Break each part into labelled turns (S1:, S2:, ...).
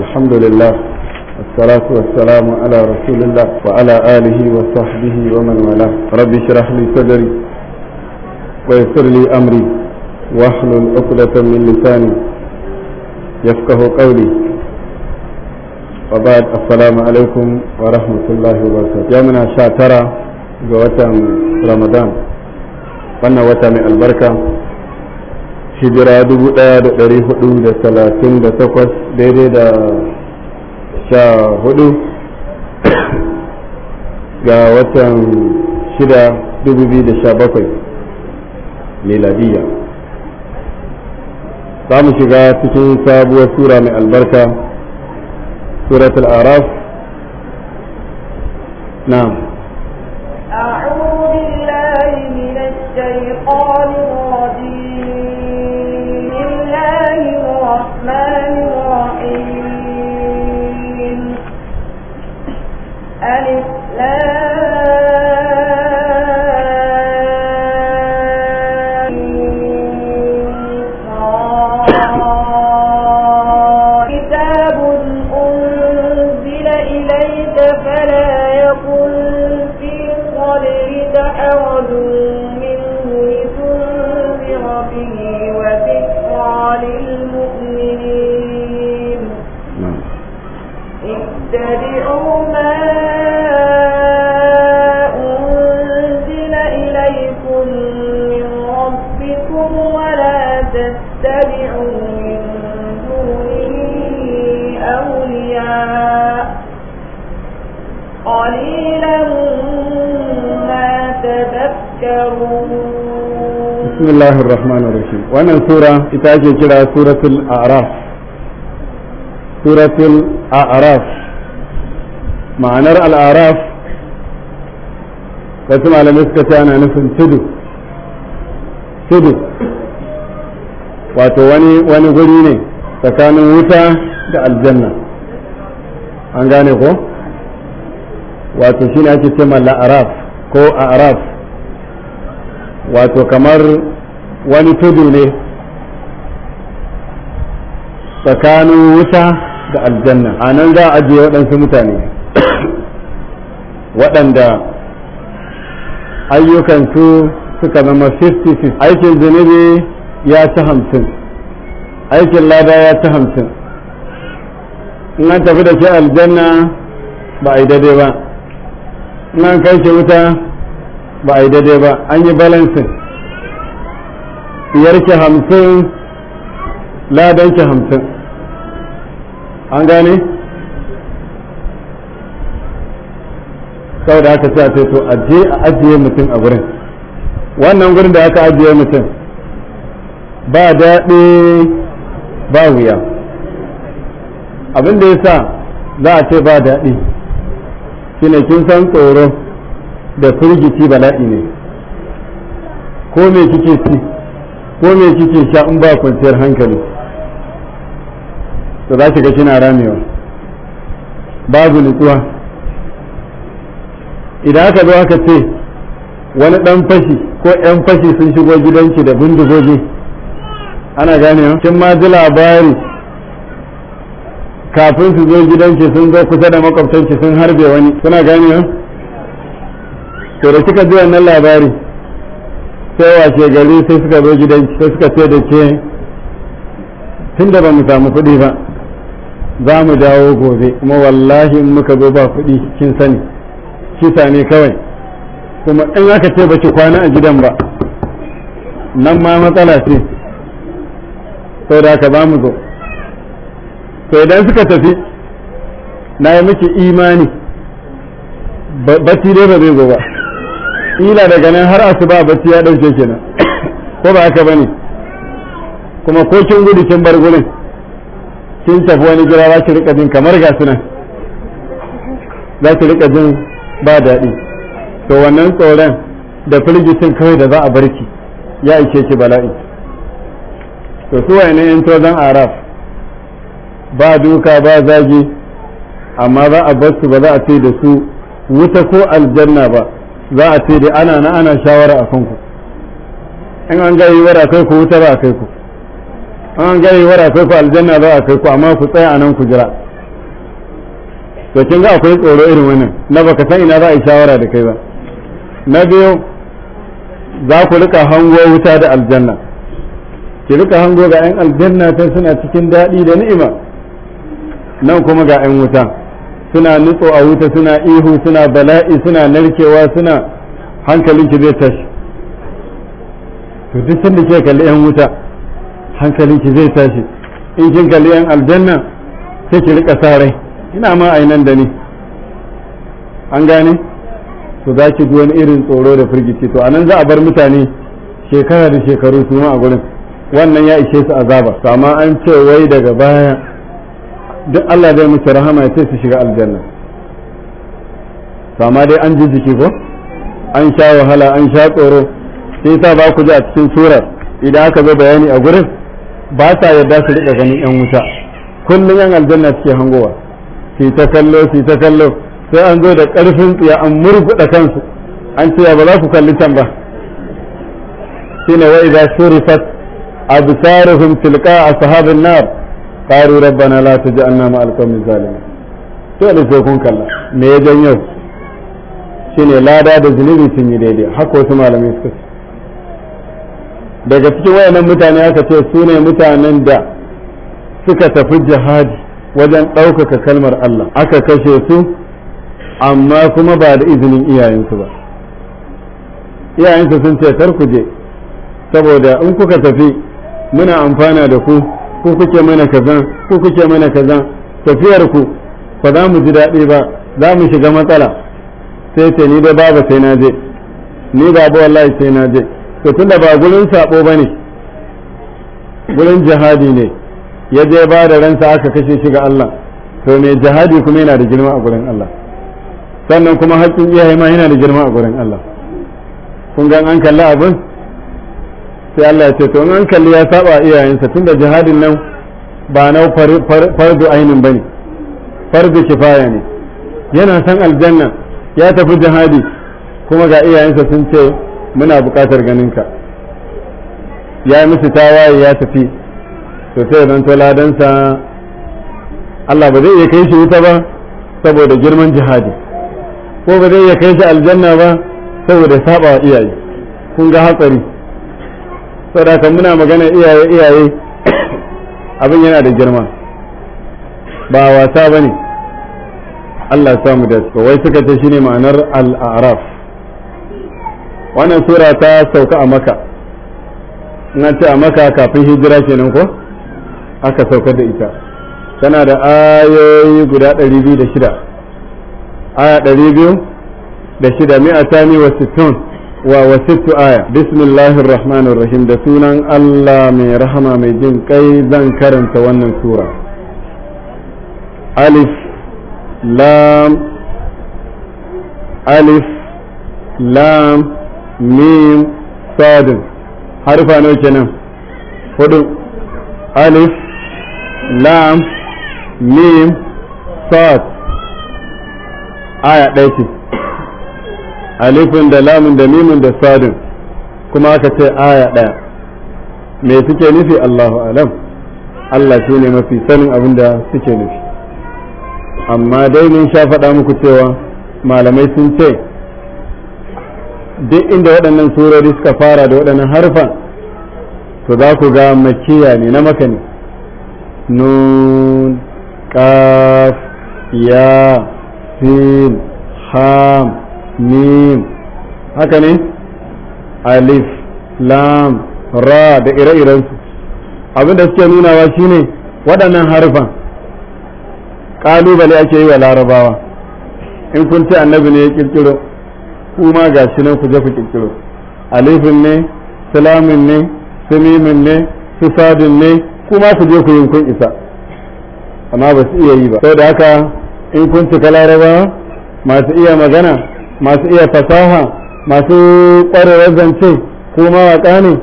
S1: الحمد لله والصلاة والسلام على رسول الله وعلى آله وصحبه ومن والاه رب اشرح لي صدري ويسر لي أمري واحلل عقدة من لساني يفقه قولي وبعد السلام عليكم ورحمة الله وبركاته يومنا شاترة جوة رمضان وانا وتا من البركة hijira 1438 daidai da sha hudu ga watan shida 2017 miladiya za mu shiga cikin sabuwar sura mai albarka suratul araf na. bismillahir wannan sura ita ake kira suratul a'raf suratul a'raf ma'anar al'araf wasu malamai suka ce ana nufin tudu tudu wato wani wani guri ne tsakanin wuta da aljanna an gane ko wato shine ake ce la'araf ko a'raf wato kamar wani tudu ne tsakanin wuta da aljanna a nan za a ajiye waɗansu mutane waɗanda ayyukansu suka zama 50-50 aikin zunubi ya ci hamsin aikin lada ya ci hamsin in tafi da shi aljanna ba a yi daidai ba in kai shi wuta ba a yi daidai ba an yi balansin diyarki hamsin ladanki hamsin an gane saboda aka ce a ce to aje a ajiye mutum a gurin wannan gurin da aka ajiye mutum ba daɗi ba wuya abin da ya sa za a ce ba daɗi ne kin san tsoro da firgici bala'i ne ko me kike ci ko me kike sha in ba kwanciyar hankali to za ki ga kina ramewa babu nutsuwa idan aka zo aka ce wani dan fashi ko yan fashi sun shigo gidanki da bindigogi ana ma. kin ma ji labari kafin su zo gidanki sun zo kusa da makwabtanki sun harbe wani suna ganewa to da kika ji wannan labari sai wace gari sai suka zo gidan sai suka ce da ke tun da ba mu samu kuɗi ba za mu dawo gobe kuma wallahi in muka zo ba kuɗi kin sani kisa ne kawai kuma in aka ce ba ki kwana a gidan ba nan ma matsala ce sau da aka ba mu zo to idan suka tafi na yi miki imani ba dai ba zai zo ba kila daga nan har asuba bacci ya dauke kenan ko ba haka bane kuma ko kin gudu kin bar gurin kin tafi wani jira za ki rika jin kamar ga sunan za ki rika jin ba daɗi to wannan tsoron da firgitin kawai da za a barki ya ishe ki bala'i to su waye ne in tozan araf ba duka ba zagi amma za a bar su ba za a ce da su wuta ko aljanna ba za a ce dai ana na ana shawara a kanku in an gari wara kai ku wuta ba a kai ku in an gari wara kai ku aljanna ba a kai ku amma ku tsaya anan ku jira to kin ga akwai tsoro irin wannan na baka san ina za a yi shawara da kai ba na biyu za ku rika hango wuta da aljanna ki rika hango ga 'yan aljanna ta suna cikin daɗi da ni'ima nan kuma ga 'yan wuta suna nutso a wuta suna ihu suna bala'i suna narkewa suna hankalinki zai tashi to duk sanda ke kalli yan wuta hankalinki zai tashi in kin kalli yan aljanna sai ki rika sarai ina ma nan da ni an gane to za ki wani irin tsoro da firgici to anan za a bar mutane shekara da shekaru su ma a gurin wannan ya ishe su azaba amma an ce wai daga baya duk Allah zai musu rahama ya ce su shiga aljanna amma dai an ji jiki ko an sha wahala an sha tsoro sai sa ba ku ji a cikin surar idan aka zo bayani a gurin ba sa yarda su riƙa ganin yan wuta kullum yan aljanna suke hangowa su ta kallo su ta kallo sai an zo da ƙarfin tsiya an murguɗa kansu an ce ba za ku kalli can ba shine wa idza surifat absaruhum tilqa ashabin nar qalu rabbana la taj'alna ma'al qawmi zalimin to da sai kun kalla me ya janyo shine lada da zunubi sun yi daidai haka wasu malamai daga cikin wayannan mutane aka ce su ne mutanen da suka tafi jihadi wajen ɗaukaka kalmar Allah aka kashe su amma kuma ba da izinin iyayensu ba iyayensu sun ce kar ku je saboda in kuka tafi muna amfana da ku ko kuke mana kaza ko kuke mana kaza tafiyar ku ba za mu ji daɗi ba za mu shiga matsala sai ce ni da baba sai na je ni baba wallahi sai na je to tunda ba gurin sabo bane gurin jihadi ne ya je ba da ransa aka kashe shi ga Allah to mai jihadi kuma yana da girma a gurin Allah sannan kuma haƙƙin iyaye ma yana da girma a gurin Allah kun gan an kalla abin sai Allah ya ce to in kalli ya saba iyayensa tunda jihadin nan ba na fardu ainin bane fardu kifaya ne yana san aljanna ya tafi jihadi kuma ga iyayensa sun ce muna buƙatar ganinka ya musu tawaye ya tafi to sai zan to ladansa Allah ba zai iya kai shi wuta ba saboda girman jihadi ko ba zai iya kai shi aljanna ba saboda saba iyaye kun ga hatsari saboda muna magana iyaye iyaye abin yana da girma ba wasa ba ne Allah ya samu da su wai suka ce shi ne ma'anar al-araf wannan sura ta sauka a maka na ce a maka kafin hijira kenan ko aka saukar da ita tana da ayoyi guda 206 aya biyu da shida mi'a tani wa sittun wa wasittu aya bismillahir rahmanir rahim da sunan Allah mai rahama mai jin kai zan karanta wannan sura alif lam alif lam mim sad harfa nawa kenan hudu alif lam mim sad aya ɗaya ce alifin da lamun da mimun da sadin kuma aka ce aya ɗaya me suke nufi Allahu alam Allah shi ne mafi sanin abin da suke nufi amma dai mun sha faɗa muku cewa malamai sun ce duk inda waɗannan surori suka fara da waɗannan harfan to za ku ga makiya ne na maka ne nun kaf ya sin ham mim haka ne alif lam ra da ire-iren su abinda suke nunawa shine waɗannan harfan ƙalubale ake yi wa larabawa in kun ce annabi ne ya kirkiro kuma ga shi nan ku je ku ƙirƙiro. alifin ne salamin ne samimin ne fisadin ne kuma ku je ku yi kun isa amma ba su iya yi ba da haka in kun cika larabawa masu iya magana masu iya fasaha masu ƙwarewar zance ko mawaƙa ne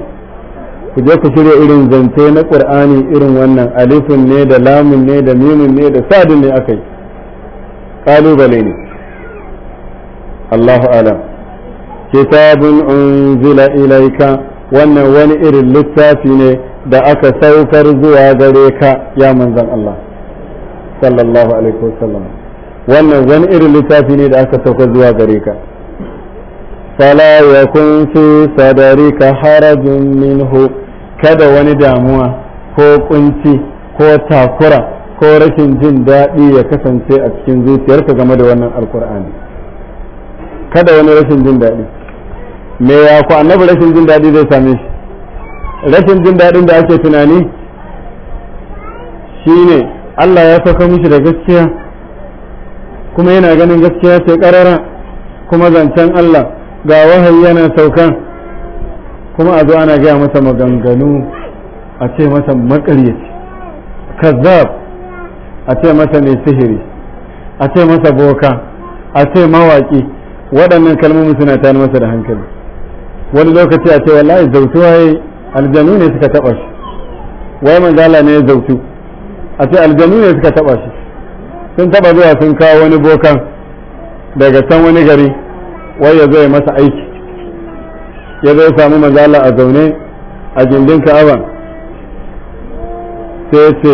S1: ku je ku shirya irin zance na ƙur'ani irin wannan alifin ne da lamun ne da mimin ne da sadin ne aka yi ƙalubale ne Allahu alam kitabun unzila ilaika wannan wani irin littafi ne da aka saukar zuwa gare ka ya manzan Allah sallallahu alaihi wasallam wannan wani irin littafi ne da aka sauka zuwa gare ka fala ya kun fi ka harajin minhu kada wani damuwa ko kunci ko takura ko rashin jin daɗi ya kasance a cikin zuciyarka game da wannan alkur'ani kada wani rashin jin daɗi me ya ku annabi rashin jin daɗi zai same shi rashin jin daɗin da ake tunani shine Allah ya sauka mishi da gaskiya kuma yana ganin gaskiya sai karara kuma zancen Allah ga wahayi yana saukan kuma a zo ana gaya masa maganganu a ce masa makaryaci kazzab a ce masa mai sihiri a ce masa boka a ce mawaki waɗannan kalmomi suna tani masa da hankali wani lokaci a ce wallahi zautuwa waye aljanu ne suka taɓa shi wai manzala ne zautu a ce aljanu ne suka taɓa shi sun taba zuwa sun kawo wani bokan daga can wani gari wai ya zai masa aiki ya zai samu mazala a zaune a gindin ka'aban sai ce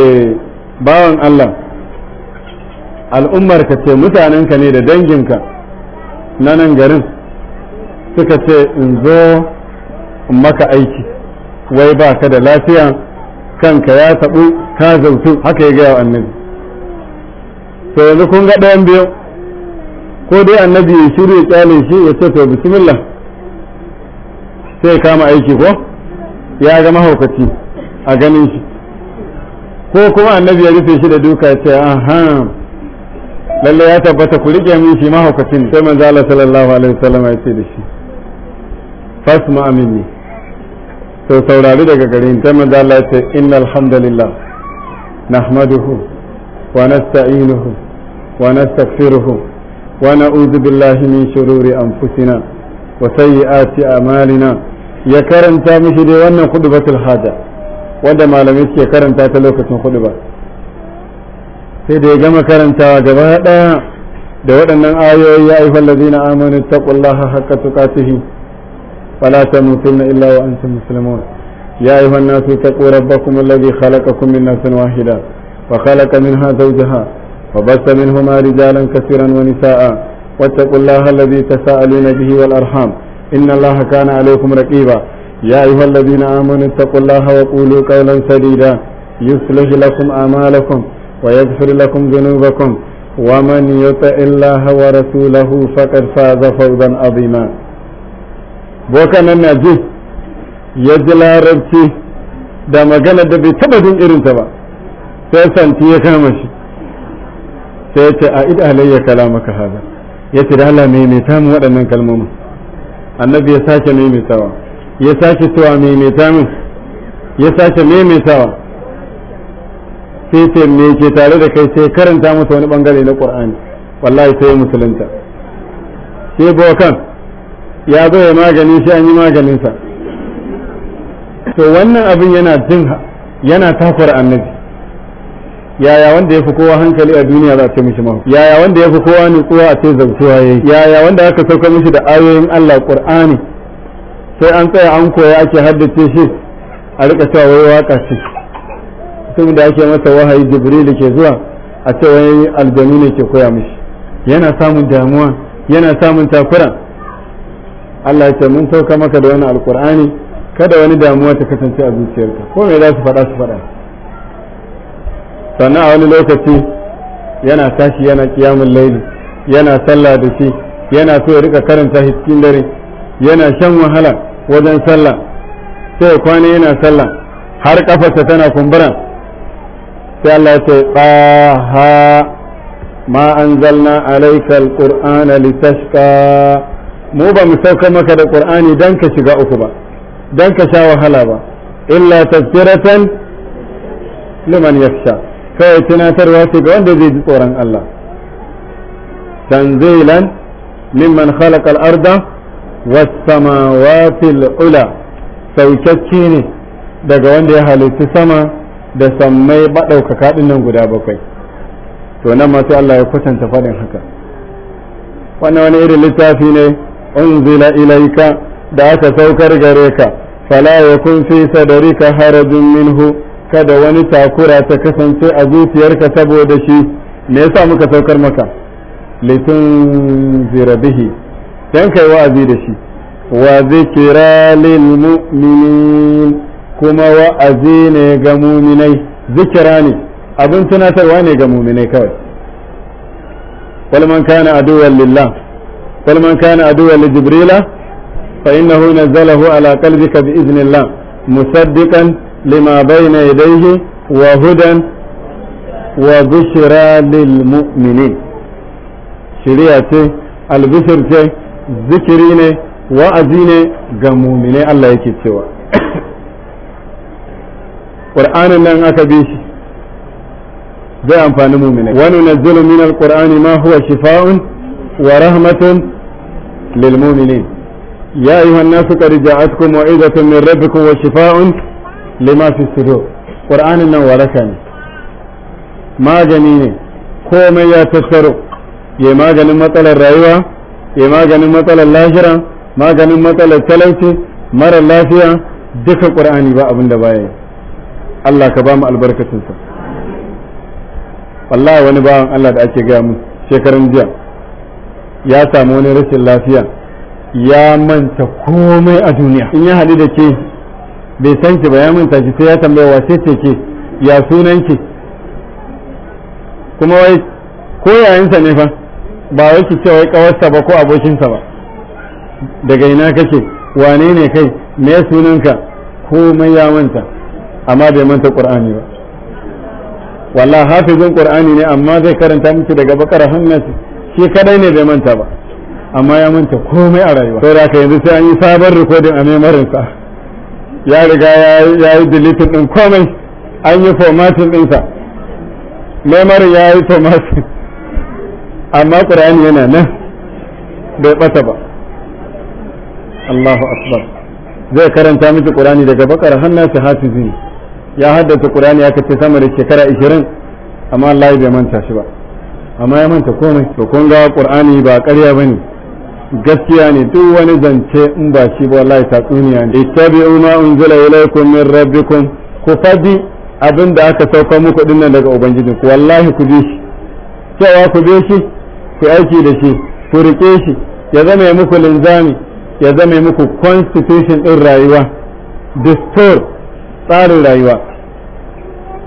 S1: bawan Allah al'ummarka ce mutanenka ne da danginka na nan garin suka ce in zo maka aiki wai ba ka da lafiya kanka ya taɓu ka zautu haka ya gaya wa annabi to yanzu kun ga ɗayan biyu ko dai annabi ya shiru ya kyale shi ya ce to bismillah sai kama aiki ko ya ga mahaukaci a ganin shi ko kuma annabi ya rufe shi da duka ya ce aha lalle ya tabbata ku rike min shi mahaukacin sai manzo Allah sallallahu alaihi wasallam ya ce da shi fasma amini to saurari daga gare ni sai manzo Allah ya ce innal hamdalillah nahmaduhu ونستعينه ونستغفره ونعوذ بالله من شرور أنفسنا وسيئات أعمالنا ya karanta mishi dai wannan khutbatul haja wanda malamai suke karanta ta lokacin khutba sai da ya gama karantawa gaba daya da waɗannan ayoyi ya ayyuhal ladzina amanu taqullaha haqqa tuqatih wala tamutunna illa wa antum muslimun ya ayyuhan nasu taqu rabbakum alladhi khalaqakum min nafsin wahida وخلق منها زوجها وبث منهما رجالا كثيرا ونساء واتقوا الله الذي تساءلون به والأرحام إن الله كان عليكم رقيبا يا أيها الذين آمنوا اتقوا الله وقولوا قولا سديدا يصلح لكم أعمالكم ويغفر لكم ذنوبكم ومن يطع الله ورسوله فقد فاز فوزا عظيما bokan nan na ji ya ji larabci da magana da bai taba jin irinta ba sai santi ya kama shi sai ya ce a id alayya kalamaka hada ya ce da Allah maimaita min waɗannan kalmomi annabi ya sake maimaitawa ya sake cewa maimaita min ya sake maimaitawa sai ce me ke tare da kai sai karanta masa wani bangare na qur'ani wallahi sai musulunta sai bokan ya zo ya magani shi an yi maganinsa to wannan abin yana jin yana takura annabi yaya wanda ya fi kowa hankali a duniya za a ce mishi mahu yaya wanda ya fi kowa kowa a ce zautuwa ya yi yaya wanda aka sauka mishi da ayoyin Allah Qur'ani sai an tsaya an koya ake haddace shi a rika cewa wai waka shi mutumin da ake masa wahayi jibril ke zuwa a ce wai aljanu ne ke koya mishi yana samun damuwa yana samun takura Allah ya ce mun sauka maka da wani alkur'ani kada wani damuwa ta kasance a zuciyarka ko me za su faɗa su faɗa sannan a wani lokaci yana tashi yana kiyamun laili yana sallah da shi yana so ya rika karanta cikin dare yana shan wahala wajen sallah sai kwana yana sallah har kafarsa tana kumbura sai Allah ya ce ha ma anzalna alayka alqur'ana litashqa mu ba mu sauka maka da qur'ani dan ka shiga uku ba dan ka sha wahala ba illa tazkiratan liman yakhsha kawai tunatarwa ce ga wanda zai ji tsoron Allah tanzilan mimman khalaqal arda was-samawati ula saukacce ne daga wanda ya halitta sama da sammai baɗaukaka ɗinnan guda bakwai to nan masu Allah ya kwatanta faɗin haka wannan wani irin littafi ne unzila ilaika da aka saukar gare ka fala yakun fi sadarika harajun minhu kada wani takura ta kasance a zuciyarka saboda shi me yasa muka saukar maka litun zira bihi dan kai wa'azi da shi wa zikira lil mu'minin kuma wa'azi ne ga mu'minai zikira ne abin tunatarwa ne ga mu'minai kawai wal man kana aduwwan lillah wal man kana aduwwan jibrila fa innahu nazzalahu ala qalbika bi idnillah musaddiqan لما بين يديه وهدى وبشرى للمؤمنين شريعة البشر ذكرين وأزين جمومين الله يكتوى قرآن لن أكبيش zai amfani mumina wani nazzilu min alqur'ani ma huwa shifaa'un wa rahmatun lil mu'minin ya ayuha an-nasu qad ja'atkum wa'idatun min rabbikum wa lima fi sudur qur'anin nan waraka ne magani ne komai ya tattaro ya maganin matsalar rayuwa ya maganin matsalar lahira maganin matsalar talauci mara lafiya duka qur'ani ba abin da baya Allah ka ba mu albarkacinsa wallahi wani bawan Allah da ake gaya mu shekarun jiya ya samu wani rashin lafiya ya manta komai a duniya in ya haɗu da ke bai san ki ba ya mun tashi sai ya tambaya wace ce ke ya sunan ki kuma wai ko yayansa ne fa ba wai ki ce wai kawarsa ba ko abokinsa ba daga ina kake wane ne kai me sunanka komai ya manta amma bai manta qur'ani ba wallahi hafizun qur'ani ne amma zai karanta miki daga bakara hannasi shi kadai ne bai manta ba amma ya manta komai a rayuwa sai da yanzu sai an yi sabon rikodin a memorinsa ya riga ya yi deleting ɗin komai an yi formatting ɗinsa memory ya yi formatting amma ƙur'ani yana nan bai ɓata ba Allahu akbar zai karanta miki ƙur'ani daga bakar hannun shi hafizi ya haddace ƙur'ani ya kace sama da shekara 20 amma Allah bai manta shi ba amma ya manta komai to kun ga ƙur'ani ba ƙarya bane gaskiya ne duk wani zance in ba shi ba wallahi tatsuniya ne ittabi'u ma unzila ilaykum min rabbikum ku fadi abin da aka sauka muku din nan daga ubangiji ku wallahi ku bi shi cewa ku bi shi ku aiki da shi ku rike shi ya zama ya muku linzami ya zama ya muku constitution din rayuwa dastur tsarin rayuwa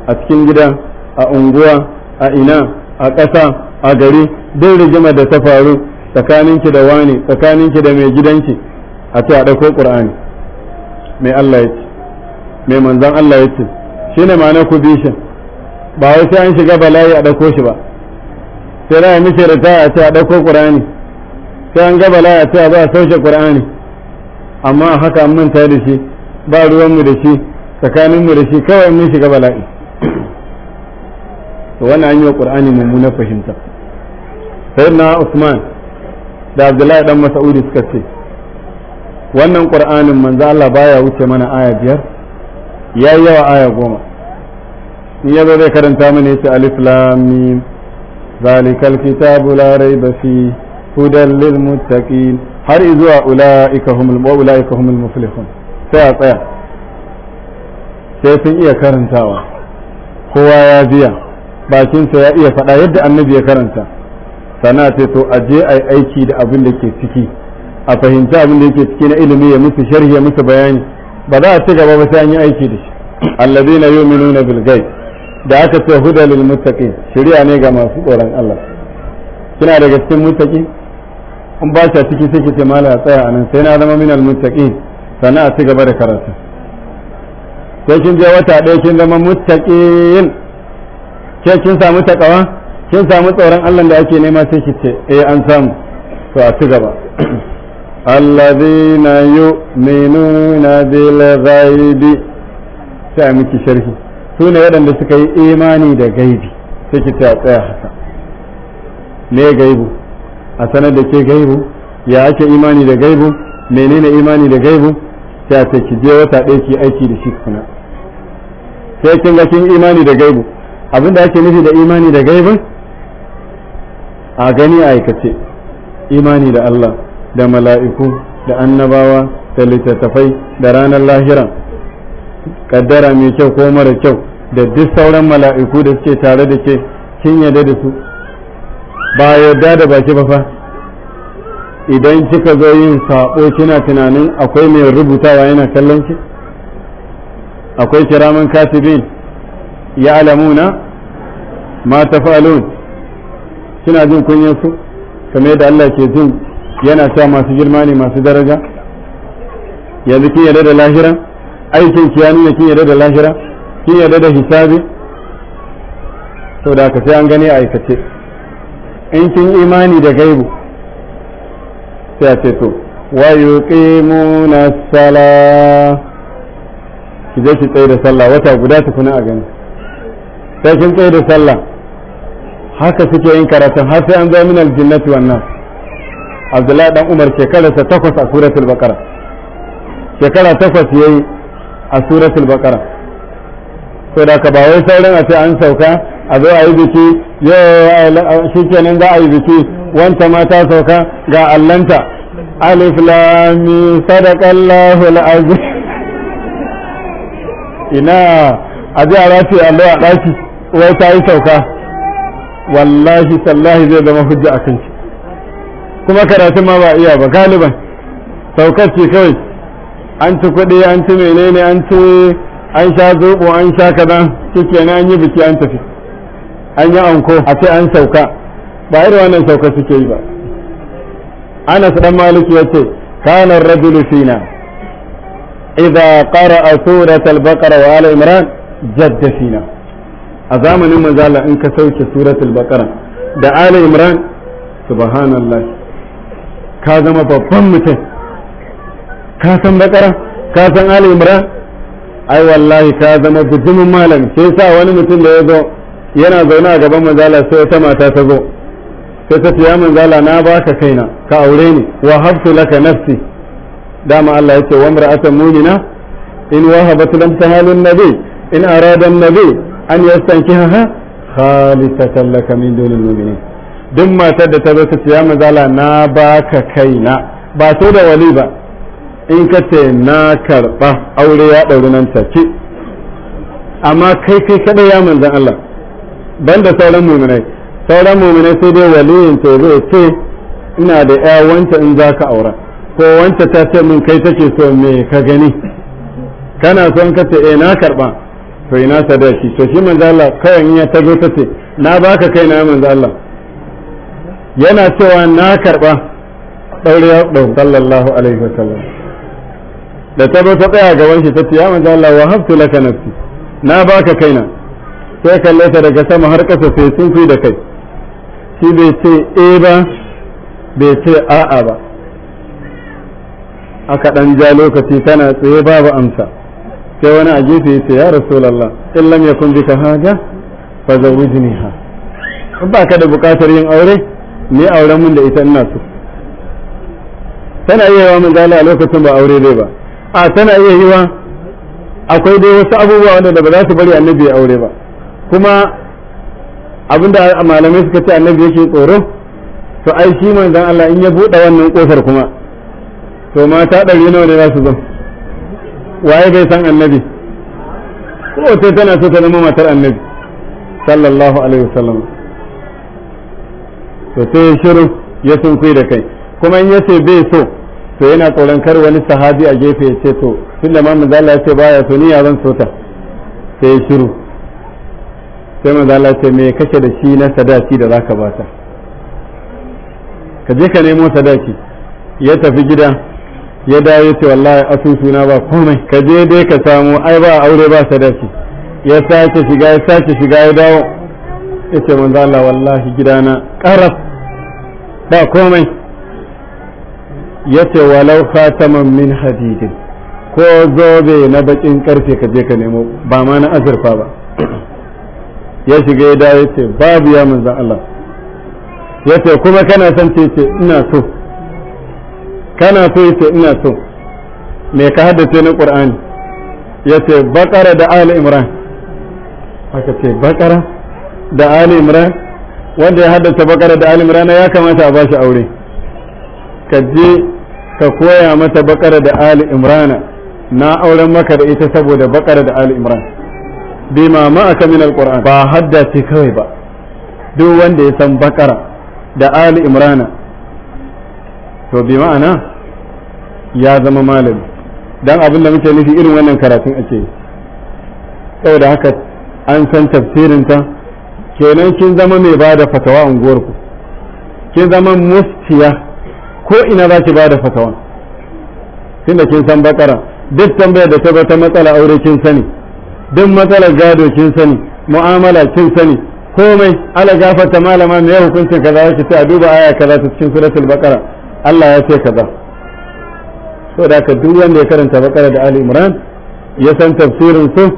S1: a cikin gida a unguwa a ina a ƙasa a gari duk rigimar da ta faru tsakaninki da wani tsakaninki da mai gidanki a ce a ɗauko ƙur'ani mai Allah ya ce mai manzan Allah ya ce shi ne ma'ana ku bishin ba wai sai an shiga bala'i a ɗauko shi ba sai da mishi ta a ce a ɗauko ƙur'ani sai an ga bala'i a ce a ba a sauke ƙur'ani amma haka an manta da shi ba ruwanmu da shi tsakaninmu da shi kawai mun shiga bala'i to wannan an yi wa ƙur'ani mummunar fahimta sayyidina Usman da abdullahi dan mas'udi suka ce wannan qur'anin manzo Allah baya wuce mana aya biyar yayi yawa aya goma in yazo zai karanta mana yace alif lam mim zalikal kitabu la raiba fi hudan lil muttaqin har zuwa ulaika humul wa ulaika humul muflihun sai a tsaya sai sun iya karantawa kowa ya biya bakinsa ya iya faɗa yadda annabi ya karanta sana ce to a je a yi aiki da abin da ke ciki a fahimci abin da yake ciki na ilimi ya musu sharhi ya musu bayani ba za a ci gaba ba sai an yi aiki da shi allazina yu'minuna bil ghaib da aka ce huda lil muttaqin shari'a ne ga masu tsoron Allah kina daga cikin muttaqi in ba ta ciki sai ki ce mala tsaya anan sai na zama minal muttaqin sana a ci gaba da karatu sai kin je wata ɗaya kin zama muttaqin ke kin samu takawa kin samu tsoron Allah da ake nema sai ki ce eh an samu to a ci gaba alladhina yu'minuna bil ghaibi sai miki sharhi su ne waɗanda suka yi imani da gaibi sai ki ce a tsaya haka ne gaibu a sanar da ke gaibu ya ake imani da gaibu menene imani da gaibu sai ta ce ki je wata ɗaya ki aiki da shi kuna sai kin ga kin imani da gaibu abinda ake nufi da imani da gaibin a gani aikace imani da Allah da mala'iku da annabawa da littattafai da ranar lahira kaddara mai kyau ko mara kyau da duk sauran mala'iku da suke tare da ke kin yarda da su ba yadda da baki ba fa idan kika zo yin saɓo kina tunanin akwai mai rubutawa yana kallon ki akwai kiraman katibin ya alamuna ma tafi Suna jin kunyar su kamar yadda Allah ke jin yana sa masu girma ne masu daraja yanzu kin yarda da lahira aikin ki ya nuna kin yarda da lahira kin yarda da hisabi to da ka sai an gani a aikace in kin imani da gaibu sai a ce to wa yuqimuna sala ki je ki tsaye da sallah wata guda tukuna a gani sai kin tsaye da sallah haka suke yin karatun har sai an zo min aljinnati wannan abdullahi dan umar shekararsa takwas a suratul baqara shekara takwas yayi a suratul baqara to da ka ba wai sauran a ce an sauka a zo a yi biki yau shikenan za a yi biki wanta ma ta sauka ga allanta alif lam mim sadaqallahu alazim ina a ji a rafi Allah a ɗaki wai ta yi sauka wallahi Sallahi zai zama hujja a kanki kuma karatun ma ba iya ba galiban saukar ce kawai an ci kuɗi an ci menene an ci an sha zobo an sha kadan shikenan an yi biki an tafi an yi anko a ce an sauka ba irin wannan sauka suke yi ba anas ɗan maliki yace kana ar-rajulu fina idza qara'a suratal baqara wa al imran jadda fina a zamanin manzala in ka sauke suratul baqara da ala imran subhanallah ka zama babban mutum ka san baqara ka san ala imran ai wallahi ka zama bijimin malami sai sa wani mutum da ya zo yana zaune a gaban manzala sai wata mata ta zo sai ta ce ya manzala na baka kaina ka aure ni wa habtu laka nafsi dama Allah ya ce wa mar'atan mu'mina in wahabat lam tahalun nabi in arada an-nabi an yastankihaha khalisatan laka min dunil mu'minin duk matar da ta zo ta ya mazala na baka kaina ba to da wali ba in ka ce na karba aure ya dauri nan take amma kai kai kaɗai ya manzan Allah ban da sauran muminai sauran muminai sai dai waliyin to zai ce ina da ya wanta in za ka aura ko wanta ta ce min kai take so me ka gani kana son ka ce eh na karba to ina sadaki to shi manzo Allah kawai ya tago ta ce na baka kai na manzo Allah yana cewa na karba daure ya dau sallallahu alaihi wa sallam. da ta zo ta tsaya gaban shi ta ce ya manzo Allah wa habtu laka nafsi na baka kaina sai kalle ta daga sama har kasa sai sun fi da kai shi bai ce e ba bai ce a'a ba aka dan ja lokaci tana tsaye babu amsa sai wani a gefe ya ce ya rasulallah in lam yakun bika haja fa zawwijniha ba ka da bukatar yin aure ne auren mun da ita ina so tana iya yawa mun gala a lokacin ba aure dai ba a tana iya yiwa akwai dai wasu abubuwa wanda da ba za su bari annabi ya aure ba kuma abinda malamai suka ce annabi yake tsoro to ai shi manzon Allah in ya buɗe wannan kofar kuma to mata ɗari nawa ne za su zama waye bai san annabi Ko kowace tana so ta zama matar annabi sallallahu alaihi wasallam to sai shiru ya kai da kai kuma in yace bai so to yana tsoron kar wani sahabi a gefe ya ce to tunda ma manzo Allah ya ce baya so ni ya zan so ta sai shiru sai manzo Allah ce me kake da shi na sadaki da zaka bata ka je ka nemo sadaki ya tafi gida ya dawo ya ce wallahi asusuna ba komai ka je dai ka samu ai ba aure ba sadaki ya sace shiga ya sace shiga ya dawo ya ce manzo Allah wallahi gidana karas ba komai ya ce walau khataman min hadid ko zobe na bakin karfe ka je ka nemo ba ma na azurfa ba ya shiga ya dawo ya ce babu ya manzo Allah ya ce kuma kana son ce ina so kana so yace ina so me ka haddace na qur'ani yace bakara da ali imran aka ce bakara da ali imran wanda ya haddace bakara da ali imran ya kamata a bashi aure ka je ka koya mata bakara da ali imran na auren maka da ita saboda bakara da ali imran bima aka min alquran ba haddace kawai ba duk wanda ya san bakara da ali imran to bi ma'ana ya zama malami dan abinda muke nufi irin wannan karatun ake yi da haka an san tafsirinta kenan kin zama mai ba da fatawa unguwarku kin zama mustiya ko ina za ki ba da fatawa tunda kin san bakara duk tambayar da ta ba ta matsala aure kin sani duk matsalar gado kin sani mu'amala kin sani komai ala gafarta malama me hukuncin kaza yake sai a duba aya kaza ta cikin suratul bakara Allah ya ce kaza so da ka duk wanda ya karanta bakara da ali imran ya san tafsirin su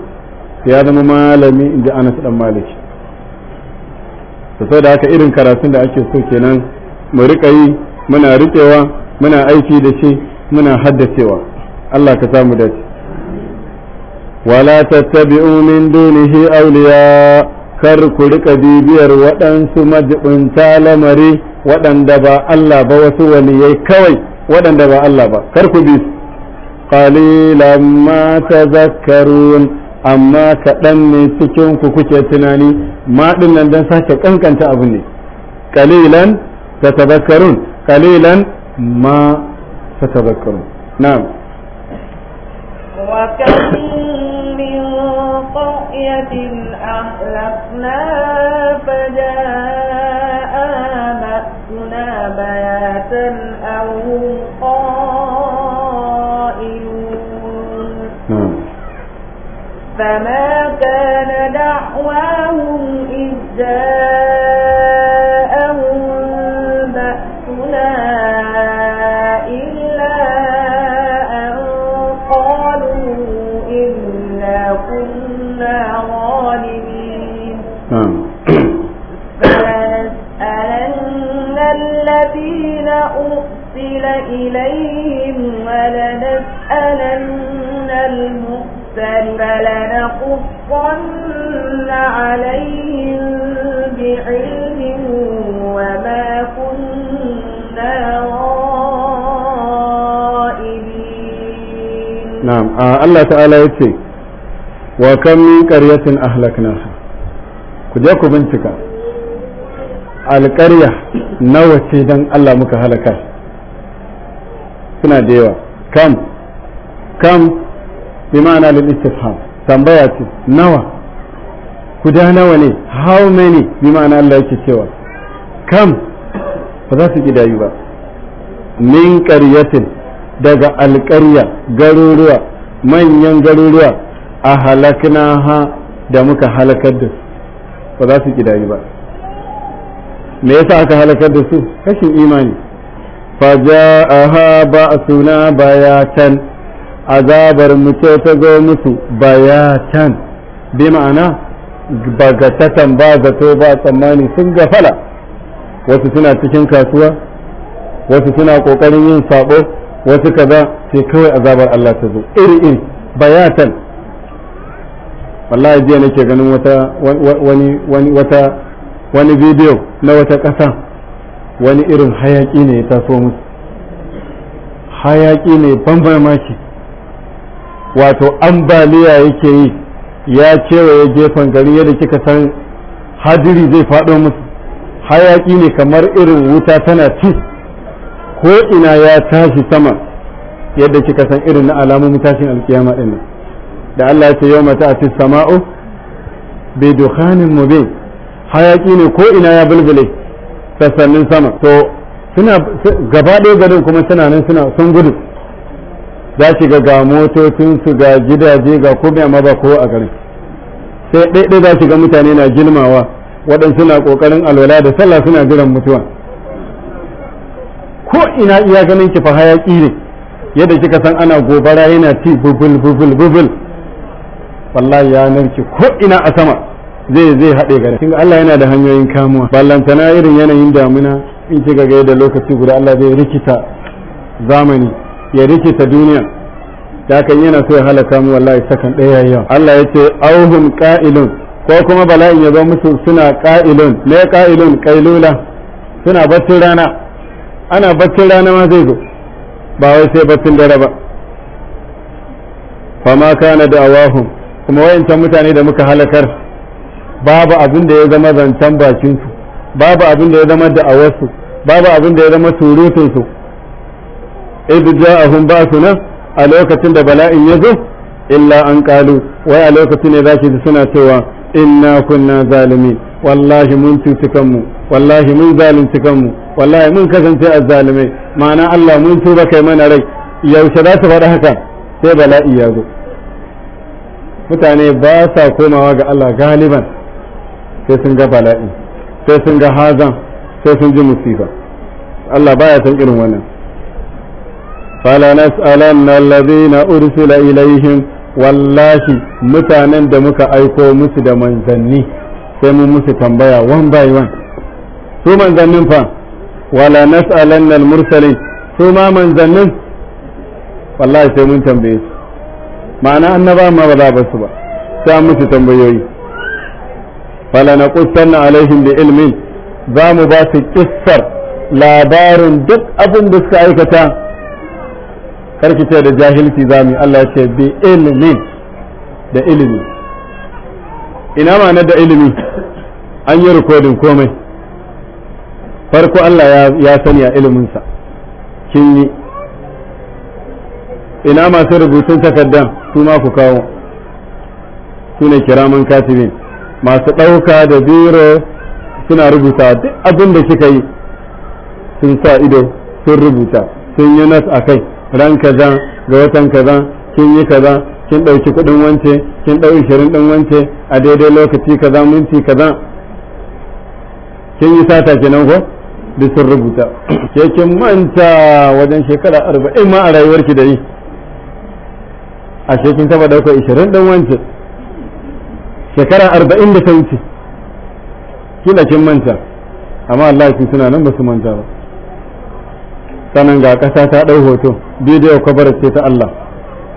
S1: ya zama malami inda anas dan maliki to da haka irin karatun da ake so kenan mu rika yi muna rikewa muna aiki da shi muna haddacewa Allah ka samu dace wala tattabi'u min dunihi awliya kar ku rika bibiyar waɗansu majibinta lamari waɗanda ba Allah ba wasu waliyai kawai waɗanda ba Allah ba kar ku bi qalilan ma tazakkarun amma kaɗan ne cikin ku kuke tunani ma ɗin nan dan sake kankanta abu ne qalilan tatazakkarun qalilan ma tatazakkarun na'am
S2: وكم من قرية فجاءت فما كان دعواهم إذ جاءهم بأسنا إلا أن قالوا إنا كنا ظالمين آه. فلنسألن الذين أرسل إليهم ولنسألن المرسلين فلنقصن عليهم بعلم وما كنا غائبين
S1: نعم الله تعالى يتي وكم من قرية أهلكناها كجاكو بنتك alƙarya nawa ce don Allah muka halaka suna da yawa kam kam bi lil istifham tambaya ce nawa guda nawa ne how many bi Allah yake cewa kam ba za su kidayu ba min qaryatin daga alƙarya garuruwa manyan garuruwa a halaknaha da muka halakar da su ba za su kidayu ba me yasa aka halakar da su rashin imani fa ja'aha ba'suna bayatan azabar mu ce ta zo musu bayatan bi ma'ana bagatatan ba zato ba tsammani sun gafala wasu suna cikin kasuwa wasu suna kokarin yin sabo wasu kaza sai kawai azabar Allah ta zo iri iri bayatan wallahi jiya nake ganin wata wani wani wata wani bidiyo na wata ƙasa wani irin hayaki ne ya taso musu hayaki ne ban mamaki wato ambaliya yake yi ya kewaye gefen gari yadda kika san hadiri zai faɗo musu hayaƙi ne kamar irin wuta tana ci ko ina ya tashi sama yadda kika san irin na alamomin tashin alkiyama ɗin da Allah ya ce yau mata a sama'u bai mu bai hayaƙi ne ko ina ya bulbule sassanin sama to suna gaba ɗaya garin kuma suna nan suna sun gudu za ki ga ga motocinsu ga gidaje ga kome amma ba kowa a garin sai ɗaiɗai za ki ga mutane na girmawa waɗansu na ƙoƙarin alwala da sallah suna jiran mutuwa ko ina iya ganin ki fa hayaƙi ne yadda kika san ana gobara yana ci bubul bubul bubul wallahi ya narki ko ina a sama zai zai haɗe gare kinga Allah yana da hanyoyin kamuwa ballantana irin yanayin damuna in kika ga yadda lokaci guda Allah zai rikita zamani ya ta duniya ta kan yana so ya halaka mu wallahi sakan ɗaya yau Allah ya ce auhum qa'ilun ko kuma bala'in ya zo musu suna qa'ilun me qa'ilun qailula suna baccin rana ana baccin rana ma zai zo ba wai sai baccin dare ba ma kana da kuma wayancan mutane da muka halakar babu abin da ya zama zancen bakinsu babu abin da ya zama da'awarsu babu abin da ya zama su idh ja'ahum ba'suna a lokacin da bala'in ya zo illa an qalu wai a lokacin ne zaki ji suna cewa inna kunna zalimin wallahi mun cuci kanmu wallahi mun zalunci kanmu wallahi mun kasance azzalimai ma'ana Allah mun tuba kai mana rai yaushe za su faɗa haka sai bala'i ya zo mutane ba sa komawa ga Allah galiban sai sun ga bala'i sai sun ga hazan sai sun ji musifa Allah baya san irin wannan فلنسألن الذين أرسل إليهم wallahi mutanen da muka aiko musu da manzanni sai mun musu tambaya one by one su manzannin fa wala nas'alan al mursalin su ma manzannin wallahi sai mun tambaye su ma'ana annaba ma za ba su ba sai musu tambayoyi fala naqussanna alaihim bi ilmin za mu ba kissar labarin duk abin da suka aikata karki ce da jahilci zamu Allah ya ce bi ilmi da ilimi ina ma da ilimi an yi rikodin komai farko Allah ya sani a iliminsa kin yi ina masu rubutun takardan su ma ku kawo su ne kiraman katibin masu ɗauka da biro suna rubuta duk abin da kika yi sun sa ido sun rubuta sun yi nas a kai ran kaza ga watan kaza kin yi kaza kin ɗauki kuɗin wance kin ɗau ishirin ɗin wance a daidai lokaci kaza minti kaza kin yi sata kenan ko duk sun rubuta ke kin manta wajen shekara arba'in ma a rayuwarki da yi a kin taba ɗaukar ishirin ɗin wance shekara arba'in da ta wuce kila kin manta amma Allah kin suna nan ba su manta ba sannan ga ƙasa ta ɗau hoto bidiyo kwabar ce ta Allah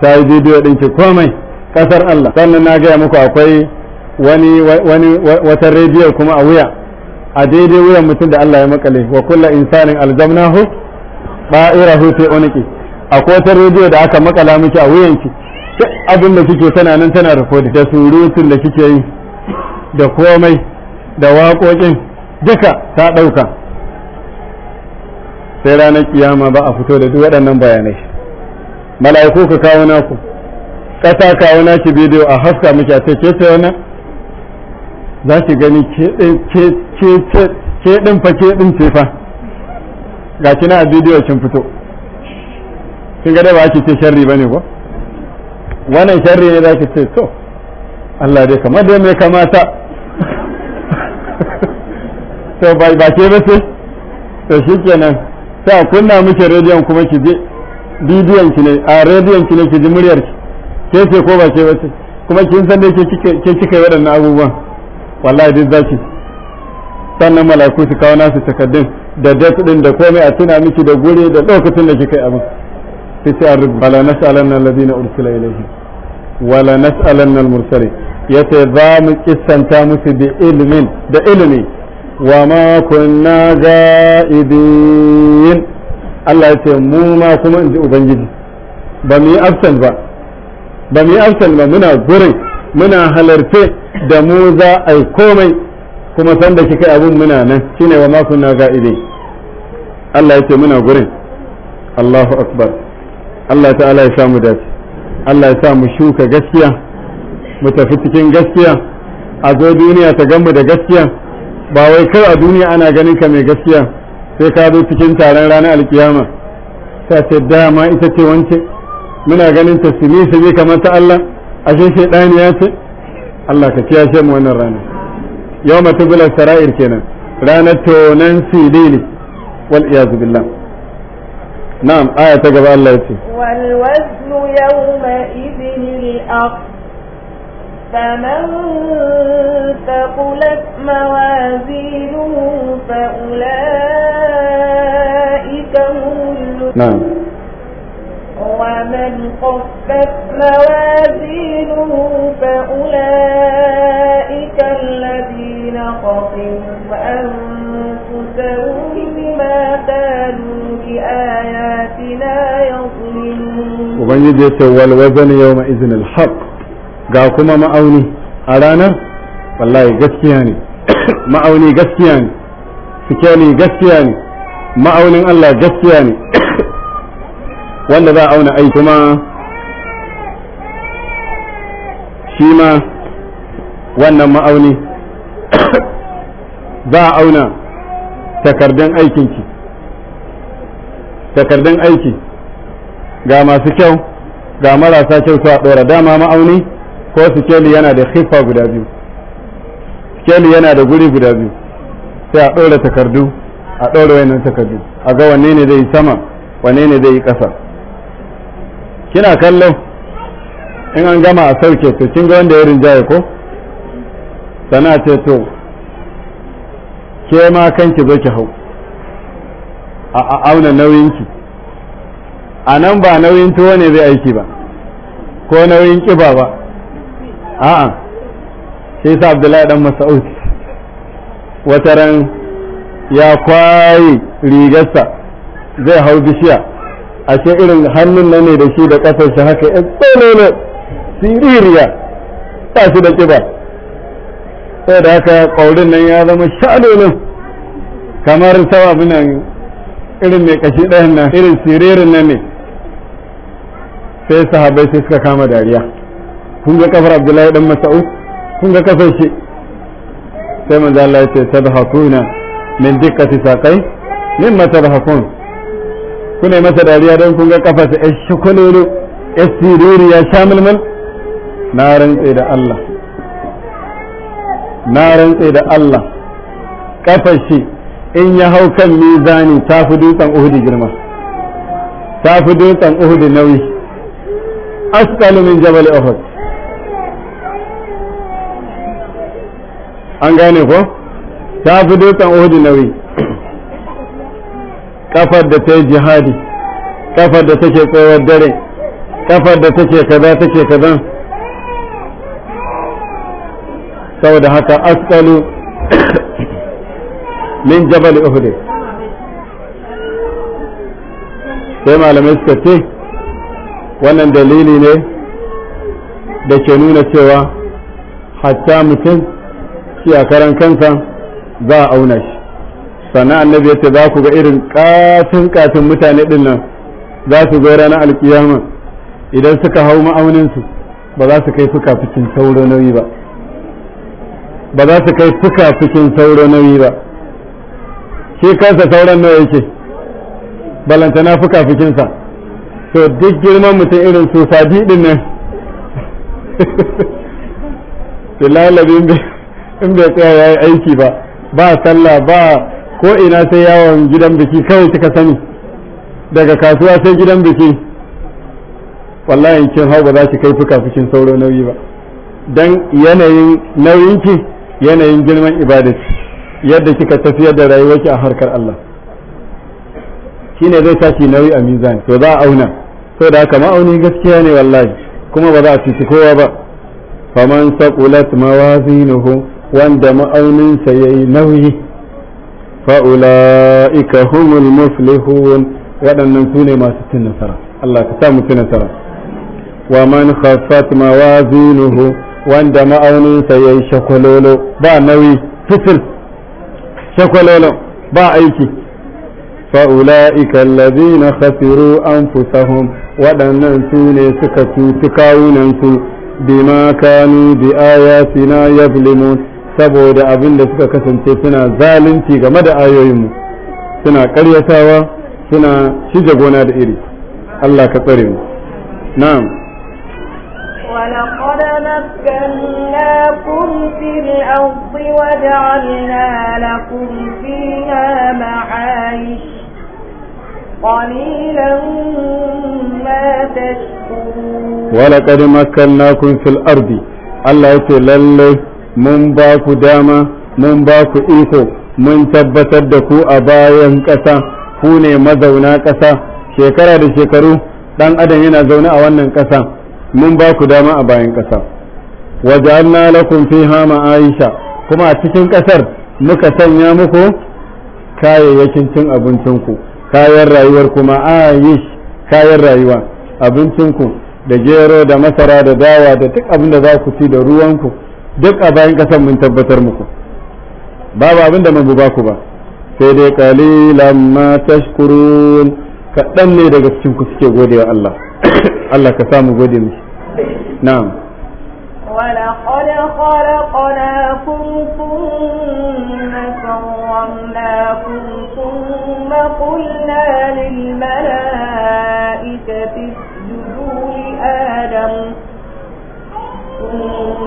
S1: ta yi bidiyo ɗin komai ƙasar Allah sannan na gaya muku akwai wani wani wata rediyo kuma a wuya a daidai wuyan mutum da Allah ya makale wa kullu insanin aljamnahu ba'irahu fi unqi akwai wata rediyo da aka makala miki a wuyanki duk abin da kike tana nan tana recording da surutun da kike yi da komai da waƙoƙin duka ta ɗauka sai ranar kiyama ba a fito da duk waɗannan bayanai mala'iku ka kawo naku ƙasa kawo naki bidiyo a haska miki a ce ce wannan za ki gani ke ɗin fa ke ɗin ce fa ga kina a bidiyo kin fito kin ga da ba ake ce sharri bane ko wannan sharri ne za ki ce to Allah dai kamar da mai kamata to ba ke ba ce to shikenan sai kunna muke rediyon kuma ki je bidiyon ki ne a rediyon ki ne ki ji muryar ki ke ce ko ba ke ba ce kuma kin san dai ke kika yi waɗannan abubuwan wallahi din zaki sannan malaiku su kawo nasu takaddun da date din da komai a tuna miki da guri da lokacin da kika yi abin sai sai an rubuta la nas'alanna alladhina ursila ilayhi wala nas'alanna almursalin mursalin yace za mu kissanta musu da ilmin da ilmi وما كنا غائبين Allah ya ce kuma in ji Ubangiji ba yi absent ba ba mu yi absent ba muna gurin muna halarce da mu za a komai kuma sanda kika abin muna nan shine wa ma kunna Allah ya muna gurin Allahu akbar Allah ta'ala ya samu dace Allah ya sa mu shuka gaskiya mu tafi cikin gaskiya a zo duniya ta gamu da gaskiya ba wai kai a duniya ana ganin ka mai gaskiya sai ka zo cikin taron ranar alkiyama ta ce dama ita ce wance muna ganin ta su sumi kamar ta Allah ashe shaidani ya ce Allah ka kiyashe mu wannan rana yau matubular sara'ir kenan ranar tonan sidili wal iyazu billah na'am aya ta gaba Allah ya ce
S2: wal waznu yawma idhin al فمن ثقلت موازينه فأولئك هم نعم ومن خفت موازينه فأولئك الذين خطروا أنفسهم بما كانوا بآياتنا يظلمون ومن
S1: يجي سوى الوزن يومئذ الحق ga kuma ma'auni a ranar wallahi gaskiya ne ma'auni gaskiya ne suke ne gaskiya ne ma'aunin Allah gaskiya ne wanda za a auna aiki kuma shi ma wannan ma'auni za a auna takardun aikinki takardun aiki ga masu kyau ga marasa kyau su a ɗora dama ma'auni ko sikeli yana da khifa guda biyu sikeli yana da guri guda biyu sai a ɗora takardu a ɗora wayannan takardu a ga wanne ne zai sama wanne ne zai yi ƙasa kina kallo in an gama a sauke to kin ga wanda ya rinjaye ko sana ce to ke ma kanki zo ki hau a auna nauyinki a nan ba nauyin tuwo ne zai aiki ba ko nauyin ƙiba ba a'a sai sa abdullahi dan mas'ud ran ya kwaye rigarsa zai hau bishiya a ce irin hannun nan ne da shi da ƙasar shi haka ya tsanana siririya ba shi da kiba sai da haka ƙaurin nan ya zama sha'anonin kamar sawa nan irin mai kashi ɗayan nan irin siririn nan ne sai sahabai sai suka kama dariya kun ga kafar abdullahi dan mas'ud kun ga kafar shi sai manzo Allah ya ce tadhakuna min dikkati saqai mimma tadhakun kuna masa dariya dan kun ga kafarsa shi eh, shukululu ya eh, siriri ya shamulmul na rantse da Allah na rantsi da Allah kafar shi in ya hau kan mizani ta fi dutsen uhudi girma ta fi dutsen uhudi nauyi asqalu min jabal uhud an gane ko ta fi dutsen uhud kafar da ta yi jihadi kafar da take tsawar dare kafar da take kaza take kaza saboda haka asalu min jabal uhud sai malamai suka ce wannan dalili ne da ke nuna cewa hatta mutum shi a karan kansa za a auna shi sannan annabi yace za ku ga irin katin katin mutane din nan za su zo ranar alkiyama idan suka hau ma'aunin su ba za su kai suka cikin sauro nauyi ba ba za su kai suka cikin sauro nauyi ba shi kansa sauran nawa yake na fuka sa to duk girman mutum irin su sadi din nan bilalabin bai in bai tsaya ya yi aiki ba ba sallah ba ko ina sai yawon gidan biki kawai kika sani daga kasuwa sai gidan biki wallahi kin hau ba za ki kai fuka cikin sauro nauyi ba dan yanayin ki yanayin girman ibadati yadda kika tafiyar da rayuwarki a harkar Allah shine zai saki nauyi a mizani to za a auna da haka ma'auni gaskiya ne wallahi kuma ba za a cuci kowa ba faman saqulat mawazinuhu wanda ma'auninsa ya yi nauyi fa'ula'ika humul muflihun waɗannan su ne masu cin nasara Allah ka sa mu cin nasara wa man khaffat mawazinuhu wanda ma'auninsa ya yi shakwalolo ba nauyi fitil shakwalolo ba aiki fa'ula'ika allazina khasiru anfusahum waɗannan su ne suka cuci kawunansu bima kanu bi ayatina yadhlimun saboda abin da suka kasance suna zalunci game da ayoyinmu suna ƙaryatawa suna shige gona da iri Allah ka tsare mu na'am
S2: ولقد مكناكم في الأرض وجعلنا لكم فيها معايش قليلا ما تشكرون
S1: ولقد مكناكم في الأرض الله lalle. mun ba ku dama mun ba ku iko mun tabbatar da ku a bayan ƙasa ku ne mazauna ƙasa shekara da shekaru ɗan adam yana zaune a wannan ƙasa mun ba ku dama a bayan ƙasa lakun lakum hama ma'aisha kuma a cikin ƙasar muka sanya muku kayayyakin cin abincinku kayan rayuwar kuma ayish kayan rayuwa abincin ku da gero da masara da dawa da duk abin da za ku ci da ruwanku duk a bayan kasan mun tabbatar muku babu abin da mun ba ku ba sai dai qalilan ma tashkurun kaɗan ne daga cikin ku suke godewa Allah Allah ka samu gode mu na'am
S2: ولقد خلقناكم ثم سومناكم ثم قلنا للملائكة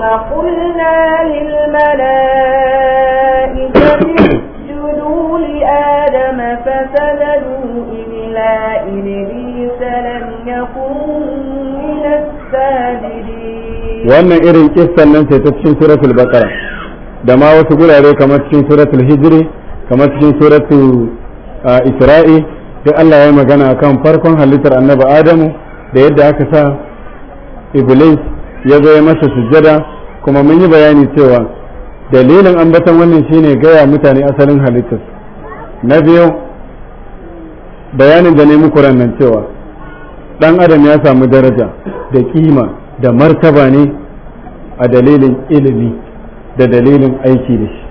S2: ثم قلنا للملائكة اسجدوا لآدم فسجدوا إلا إبليس لم يكن من الساجدين وأن
S1: nan قصة ta cikin suratul البقرة da ma wasu gurare kamar cikin suratul hijri kamar cikin suratul isra'i duk Allah ya magana kan farkon halittar annabi Adamu da yadda aka sa Iblis ya zo ya masa sujjada kuma mun yi bayani cewa dalilin ambaton wannan shine gaya mutane asalin halittar na biyu bayanin da ne muku nan cewa dan adam ya samu daraja da kima da martaba ne a dalilin ilimi da dalilin aiki da shi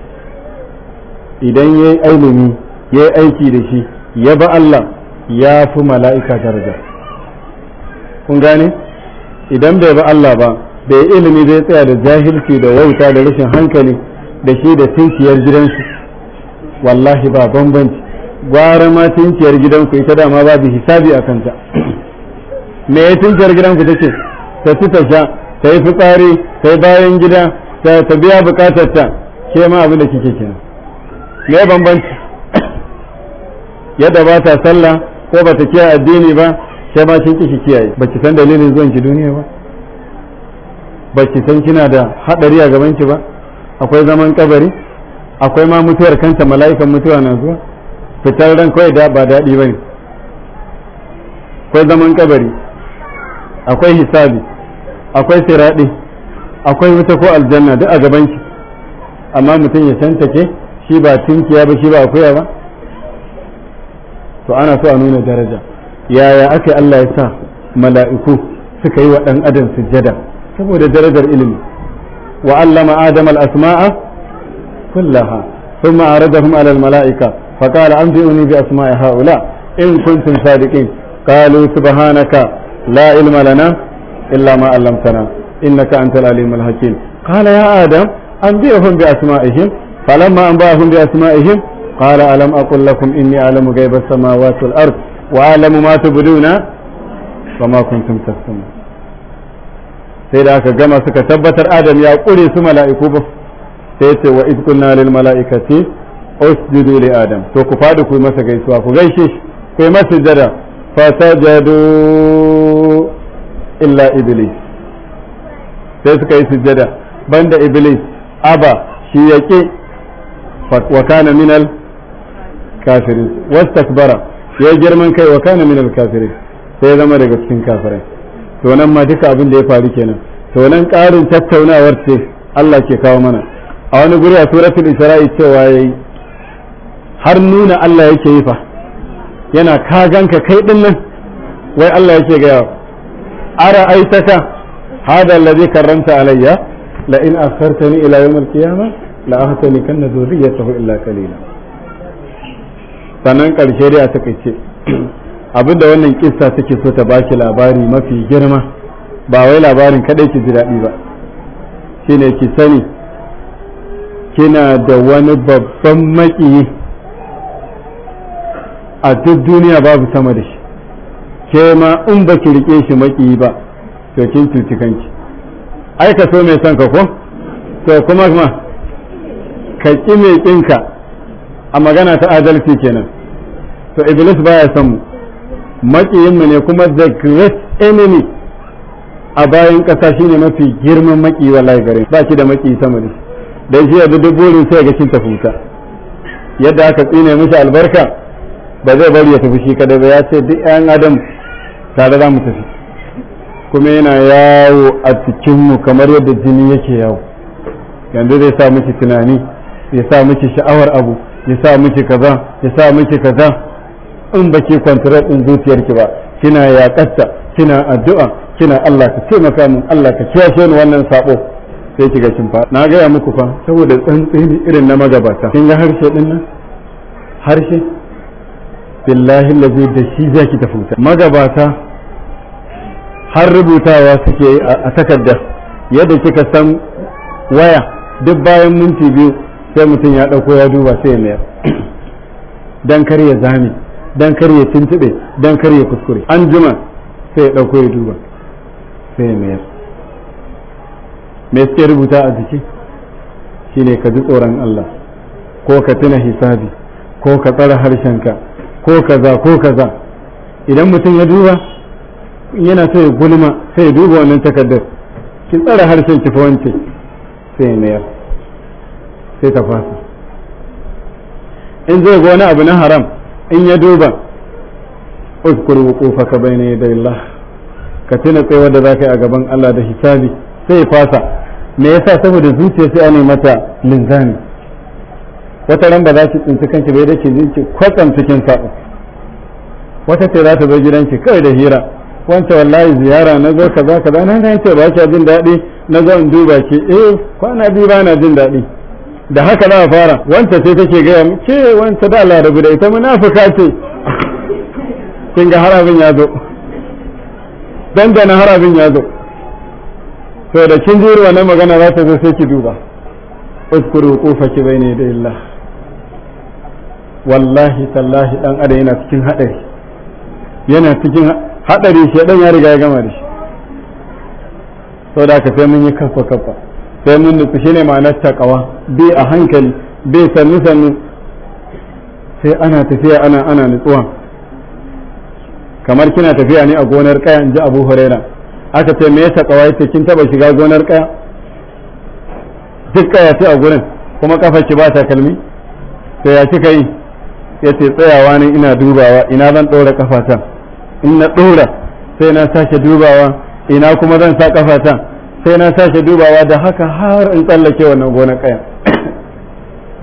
S1: idan ya yi ilimi ya yi aiki da shi ya ba Allah ya fi mala'ika daraja kun gane idan bai ba Allah ba bai ilimi zai tsaya da jahilci da wauta da rashin hankali da shi da tunkiyar gidansu wallahi ba bambanci gwara ma tunkiyar gidanku ita dama ba bi hisabi a kanta me ya tunkiyar gidanku ce? ta ci ta sha ta yi fitsari ta yi bayan gida ta biya bukatarta ke ma abin da kike kenan me ya bambanci yadda ba ta sallah ko ba ta kiyaye addini ba sai ma kin ki kiyaye ba ki san dalilin zuwan ki duniya ba ba ki san kina da hadari a gaban ki ba akwai zaman kabari akwai ma mutuwar kanta mala'ikan mutuwa na zuwa fitar ran kawai da ba daɗi bane akwai zaman kabari akwai hisabi akwai siraɗi akwai wuta ko aljanna duk a gaban ki amma mutum ya san take shi ba tunkiya ba shi ba akuya ba to ana so a nuna daraja yaya aka Allah ya sa mala'iku suka yi wa ɗan adam sujjada saboda darajar ilimi wa allama adam al-asma'a kullaha thumma da ala alal malaika fa qala anbi'uni bi asma'i haula in kuntum sadiqin qalu subhanaka la ilma lana illa ma 'allamtana innaka antal alim al-hakim qala ya adam anbi'hum bi asma'ihim falamma anba'ahum bi asma'ihim qala alam aqul lakum inni a'lamu ghaiba as-samawati wal-ardh وأعلم ما تبدون وما كنتم تكتمون sai da aka gama suka tabbatar adam ya ƙure su mala'iku ba sai ce wa izkunna lil mala'ikati usjudu adam to ku fadi ku masa gaisuwa ku gaishe shi ku masa jada fa sajadu illa iblis sai suka yi sujada banda iblis aba shi yake wa kana minal kafirin takbara. ya girman kai wa kana min al sai zama daga cikin kafirai to nan ma duka abin da ya faru kenan to nan karin tattaunawar ce Allah ke kawo mana a wani guri a suratul isra'i cewa yayi har nuna Allah yake yi fa yana ka kai din nan wai Allah yake ga ara aitaka hada alladhi karanta alayya la in akhartani ila yawm al-qiyamah la ahtanikanna dhurriyyatahu illa qalilan sannan ƙarshe dai a takaice abinda wannan kista take so ta baki labari mafi girma ba wai labarin kaɗai ki ji daɗi ba shine ki sani kina da wani babban maƙiyi a duk duniya babu sama da shi ke ma in ba ki riƙe shi maƙiyi ba to kin cuci kanki ai ka so mai son ka ko to kuma ka ƙi mai ƙinka a magana ta adalci kenan to iblis baya son mu mu ne kuma the great enemy a bayan ƙasa shine mafi girman maki wallahi gare ba shi da maki sama da dan shi yadda duk burin sai ga cin tafuta yadda aka tsine mishi albarka ba zai bari ya tafi shi kada ba ya ce duk ƴan adam tare za mu tafi kuma yana yawo a cikinmu kamar yadda jini yake yawo yanzu zai sa miki tunani zai sa miki sha'awar abu ya sa miki kaza ya sa miki kaza in baki kwantarar din zuciyarki ba kina yakatta kina addu'a kina Allah ka maka min Allah ka kiyashe ni wannan sabo sai kiga kin fa na gaya muku fa saboda tsantseni irin na magabata kin ga harshe din nan harshe billahi lazi da shi zaki ta futa magabata har rubutawa suke a takarda yadda kika san waya duk bayan minti biyu sai mutum ya ɗauko ya duba sai ya mayar dan kar ya zame dan kar ya tuntube dan kar ya kuskure an jima sai ya ɗauko ya duba sai ya mayar me suke rubuta a jiki shine ka ji tsoron Allah ko ka tuna hisabi ko ka tsara harshenka ko kaza ko kaza idan mutum ya duba yana so ya gulma sai ya duba wannan takardar ki tsara harshen ki fa wance sai ya mayar sai ta fasa in zai ga wani abu na haram in ya duba uskur wuqufaka bayna da Allah ka tuna tsayuwa da zaka yi a gaban Allah da hisabi sai ya fasa me yasa saboda zuciya sai ne mata linzani wata ran ba za ki tsinci kanki bai dace zinci kwatsam cikin sa wata ce za ta zo gidanki kai da hira wancan wallahi ziyara na zo kaza kaza na ce ba ki jin daɗi na zo in duba ki eh kwana biyu ba na jin daɗi da haka za a fara wanta sai take gaya mu ce wanta da larabu da ita munafika ce kin ga harabin ya zo dandana harabin ya zo to da kin jiri wannan magana za ta zo sai ki duba uskuru bai ne da illah wallahi tallahi dan adam yana cikin hadari yana cikin hadari shedan ya riga ya gama da shi da ka sai mun yi kafa kafa sai mun nufi shi ne ma'anar takawa bi a hankali bi sannu sannu sai ana tafiya ana ana nutsuwa kamar kina tafiya ne a gonar kaya in ji abu huraira aka ce me ya takawa yace kin taba shiga gonar kaya duk kaya ce a gurin kuma kafar ki ba takalmi sai ya kika yi ya ce tsayawa ne ina dubawa ina zan ɗora kafata in na ɗora sai na sake dubawa ina kuma zan sa kafata sai na sake dubawa da haka har in tsallake wannan gonar kayan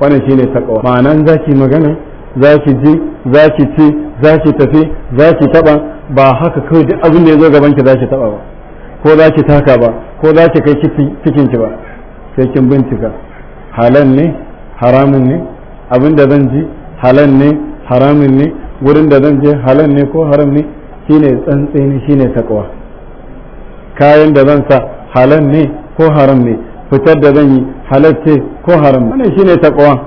S1: wannan shine takawa ma'anan zaki magana zaki ji zaki ci zaki tafi zaki taba ba haka kawai duk abin da ya zo gaban ki zaki taba ba ko zaki taka ba ko zaki kai cikin ki ba sai kin bincika halan ne haramun ne abin da zan ji halan ne haramun ne wurin da zan je halan ne ko haram ne shine tsantseni shine takawa kayan da zan sa Halan ne ko haram ne fitar da zan yi halal ce ko haram ne wannan shine taqwa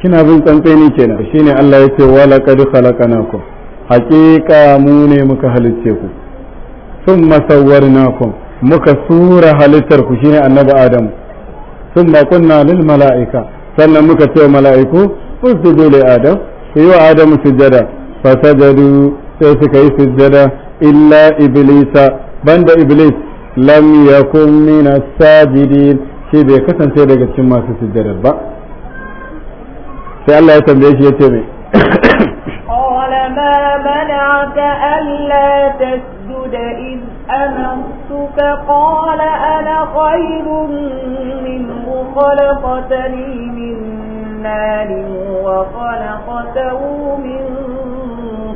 S1: kina bin tsantseni kenan shine Allah yace wala qad khalaqnakum haqiqa mu ne muka halicce ku thumma sawwarnakum muka sura halittar ku shine annabi adam thumma kunna lil mala'ika sannan muka ce mala'iku usjudu li adam Su yi wa adam sujada fasajadu sai suka yi sujada illa iblisa banda iblis لم يكن من الساجدين شي بي كسانتي داغا تشي ماسو سجدر با الله يتمي شي يتمي
S2: قال ما منعك الا تسجد اذ امرتك قال انا خير منه خلقتني من نار وخلقته من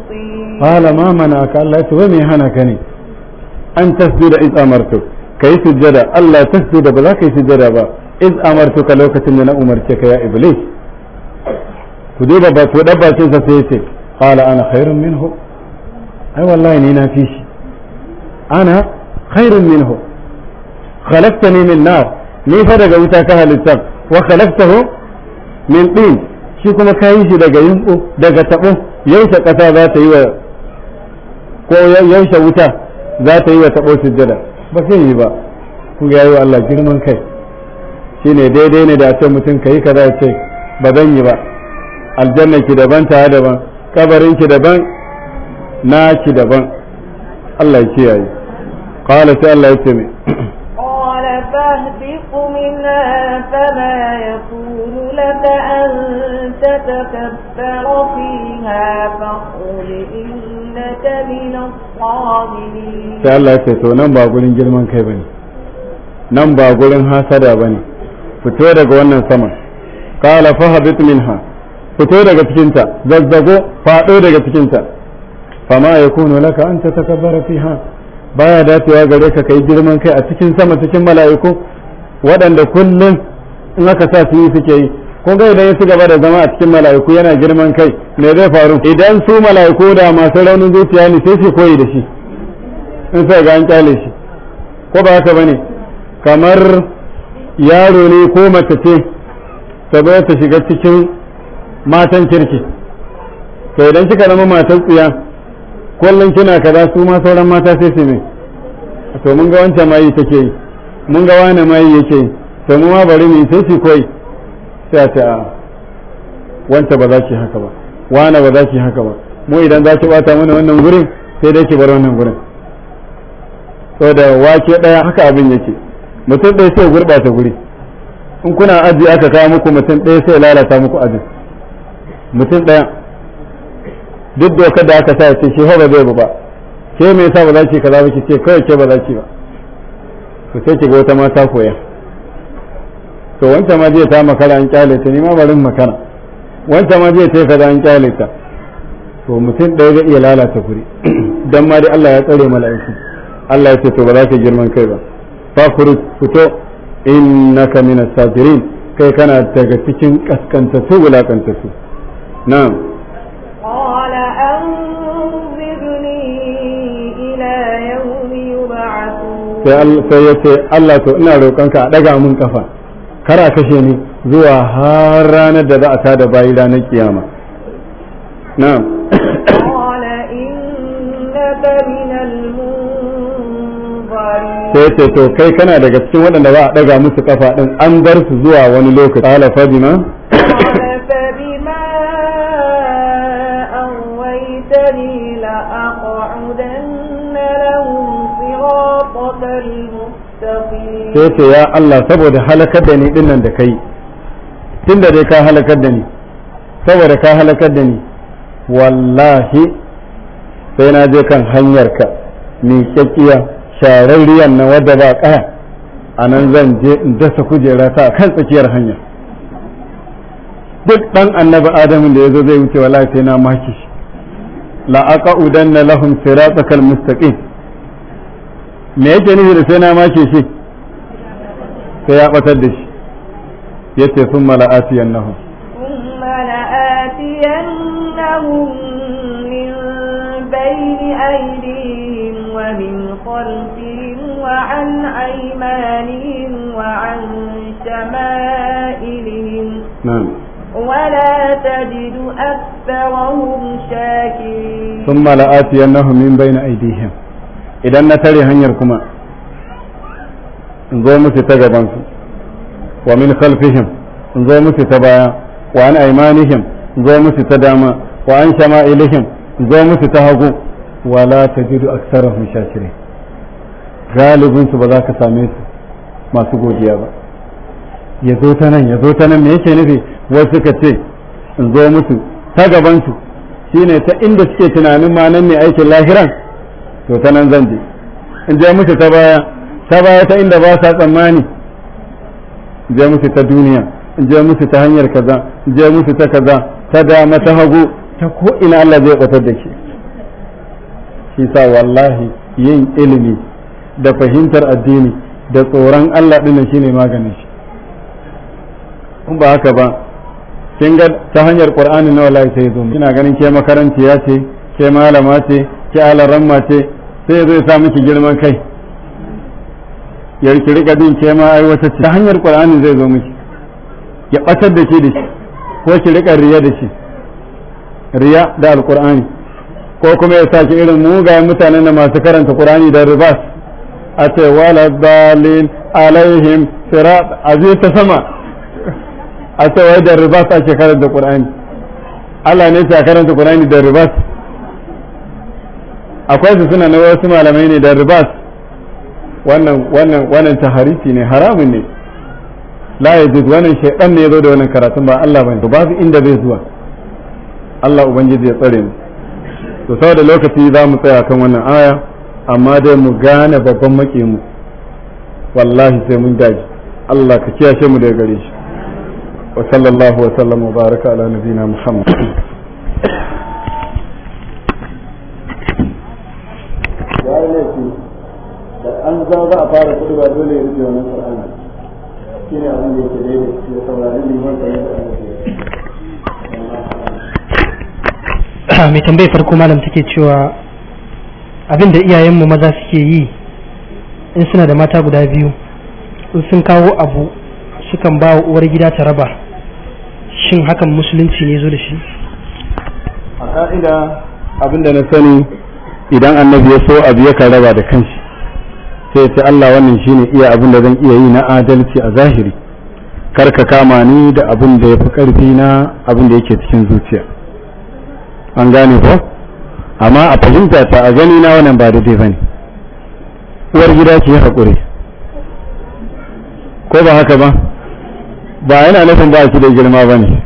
S2: طين
S1: قال ما منعك الا تسجد ومي هنكني an tasjuda iz amartu kai sujjada Allah tasjuda ba za ka yi sujjada ba iz amartu ka lokacin da na umarce ka ya iblis ku duba ba ku dabba ce sa sai ce qala ana khairun minhu ai wallahi ni na fi shi ana khairun minhu khalaqtani min nar ni fa daga wuta ka halitta wa khalaqtahu min tin shi kuma ka yi shi daga yunko daga tabo yaushe kasa za ta yi wa ko yaushe wuta za ta yi wa taɓo sujjada ba sai yi ba ku ga yi wa Allah girman kai shi ne daidai ne da a ce mutum ka yi ka ya ce ba zan yi ba aljanna ki daban ta daban kabarin ki daban na ki daban Allah ya kiyaye qala sai Allah ya ce me
S2: qala fahbiqu minha fama yakunu laka an تتكبر فيها فاخرج إلا innaka sabirin
S1: sai Allah ya to nan ba gurin girman kai bane nan ba gurin hasada bane fito daga wannan saman qala habit minha fito daga cikinta zazzago fado daga cikinta fama yakunu laka an tatakabbara fiha baya dacewa gare ka kai girman kai a cikin sama cikin mala'iku waɗanda kullum in aka sa su yi suke yi kun ga idan ya ci gaba da zama a cikin mala'iku yana girman kai me zai faru idan su mala'iku da masu raunin zuciya ne sai su koyi da shi in sai ga an kyale shi ko ba haka bane kamar yaro ne ko mace ce ta bai ta shiga cikin matan kirki to idan kika zama matan tsiya kullun kina kaza su ma sauran mata sai su ne to mun ga wancan mai take yi mun ga wani mai yake yi to mu ma bari mu sai su koyi sai a ce a ah, wanta ba za ki haka ba wane ba za ki haka ba mu idan za ki bata mana wannan gurin sai dai ki bar wannan gurin saboda wake daya haka abin yake mutum ɗaya sai gurɓata guri in kuna aji aka kawo muku mutum ɗaya sai lalata muku aji mutum ɗaya duk dokar da aka sa ce shi ba zai ba ke me yasa ba za ki kaza ba ki ce kawai ke ba za ki ba ku sai ki ga wata mata koya to wanta ma zai ta makara an kyale ta nima barin makara wanta ma zai ta kaza an kyale ta to mutum ɗaya zai iya lalata guri don ma dai Allah ya tsare mala'iku Allah ya ce to ba za ka girman kai ba fa fito innaka min as-sabirin kai kana daga cikin su kaskantattu wulakantattu na'am sai ya ce Allah to ina roƙonka a ɗaga mun kafa kara kashe ni zuwa har ranar da za a tada bayi ranar kiyama na'am sai to kai kana daga cikin waɗanda za a ɗaga musu kafa ɗin an bar su zuwa wani lokaci ala fadima
S2: فأغويتني sai ce ya
S1: Allah saboda halakar da ni dinnan da kai tunda dai ka halakar da ni saboda ka halakar da ni wallahi sai na je kan hanyarka miƙaƙiya shararriyan na wadda ba ƙaya a nan zan je in dasa kujera ta kan tsakiyar hanya duk ɗan annabi Adamu da ya zo zai wuce wallahi sai na maki aqa udanna lahum siratakal mustaqim me yake nufi da sai na mace shi sai ya batar da shi ya ce sun mala asiyan
S2: لهم من وعن أيمانهم وعن شمائلهم نعم ولا تجد أكثرهم شاكرين ثم
S1: لآتينهم من بين أيديهم idan na tare hanyar kuma in zo musu ta gabansu wa min khalfihim in zo musu ta baya wa an aimanihim in zo musu ta dama wa an shama'ilihim in zo musu ta hagu wala tajidu aktsarahum shakirin galibin su ba za ka same su masu godiya ba ya zo ta nan ya zo ta nan me yake nufi wasu ka ce in zo musu ta gabansu shine ta inda suke tunanin ma nan ne aikin lahiran to ta nan zan je in je musu ta baya ta baya ta inda ba sa tsammani in je musu ta duniya in je musu ta hanyar kaza in je musu ta kaza ta dama ta hagu ta ko ina Allah zai kwatar da ke shi sa wallahi yin ilimi da fahimtar addini da tsoron Allah din ne maganin shi in ba haka ba kin ga ta hanyar qur'ani na wallahi sai zo ina ganin ke makarantiya ce ke malama ce ke alaramma ce sai zai sa miki girman kai ya ki rika din ce ma ai wata ta hanyar qur'ani zai zo miki ya batar da shi da shi ko ki rika riya da shi riya da alqur'ani ko kuma ya saki irin mugayen mutanen da masu karanta qur'ani da ribas a ce wala dalil alaihim sirat aje ta sama a ce wai da ribas ake karanta qur'ani Allah ne ta karanta qur'ani da ribas akwai su suna na wasu malamai ne da ribas wannan wannan wannan taharici ne haramun ne la duk wannan shaydan ne ya zo da wannan karatun ba Allah bane babu inda bai zuwa Allah ubangiji ya tsare mu to saboda lokaci za mu tsaya kan wannan aya amma dai mu gane babban maki mu wallahi sai mun daji Allah ka kiyashe mu daga gare shi wa sallallahu wa sallam wa baraka ala nabina muhammad an za za a fara kudu ba dole ya rufe wannan qur'ani shine abin da yake da ya saurari liman da ya
S3: ah, mai tambayi farko malam take cewa abin da iyayenmu maza suke yi in suna da mata guda biyu in sun kawo abu sukan ba wa uwar gida ta raba shin hakan musulunci ne zo da shi
S1: a ka'ida abin da na sani idan annabi ya so abu yakan raba da kanshi sai ce Allah wannan shine iya abin da zan iya yi na adalci a zahiri kar ka kama ni da abin da ya fi ƙarfi na abin da yake cikin zuciya an gane ko amma a fahimta ta a gani na wannan ba da bane uwar gida ki haƙuri ko ba haka ba ba yana nufin ba shi da girma bane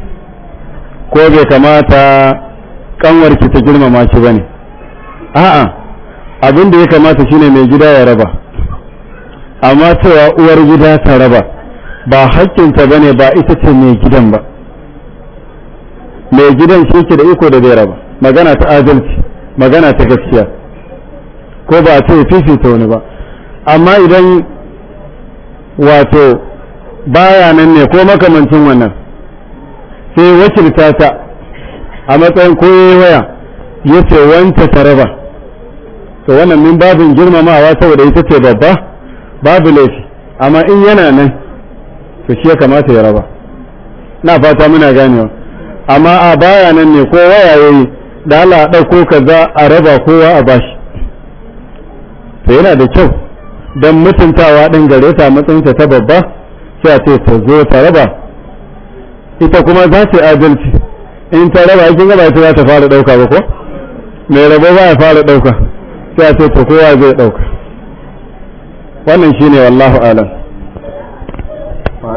S1: ko bai kamata kanwarki ta girmama shi bane a'a abin da ya kamata shine mai gida ya raba amma cewa uwar gida ta raba ba hakkinta ba ne ba ita ce mai gidan ba mai gidan shi ke da iko da bai raba magana ta adalci magana ta gaskiya ko ba a ce fifita wani ba amma idan wato baya nan ne ko makamancin wannan sai wakilta ta a matsayin koyi waya ya ce wanta ta raba to wannan min babin girmamawa saboda ita ce babba babu laifi amma in yana nan to shi ya kamata ya raba na fata muna ganewa amma a baya nan ne ko waya yayi da Allah a ɗauko kaza a raba kowa a bashi to yana da kyau don mutuntawa ɗin gare ta matsayinta ta babba sai a ce ta zo ta raba ita kuma za ta adalci in ta raba ga gaba ta za ta fara ɗauka ba ko mai rabo ba ya fara ɗauka sai a ce ta kowa zai ɗauka wannan shine wallahu alam wa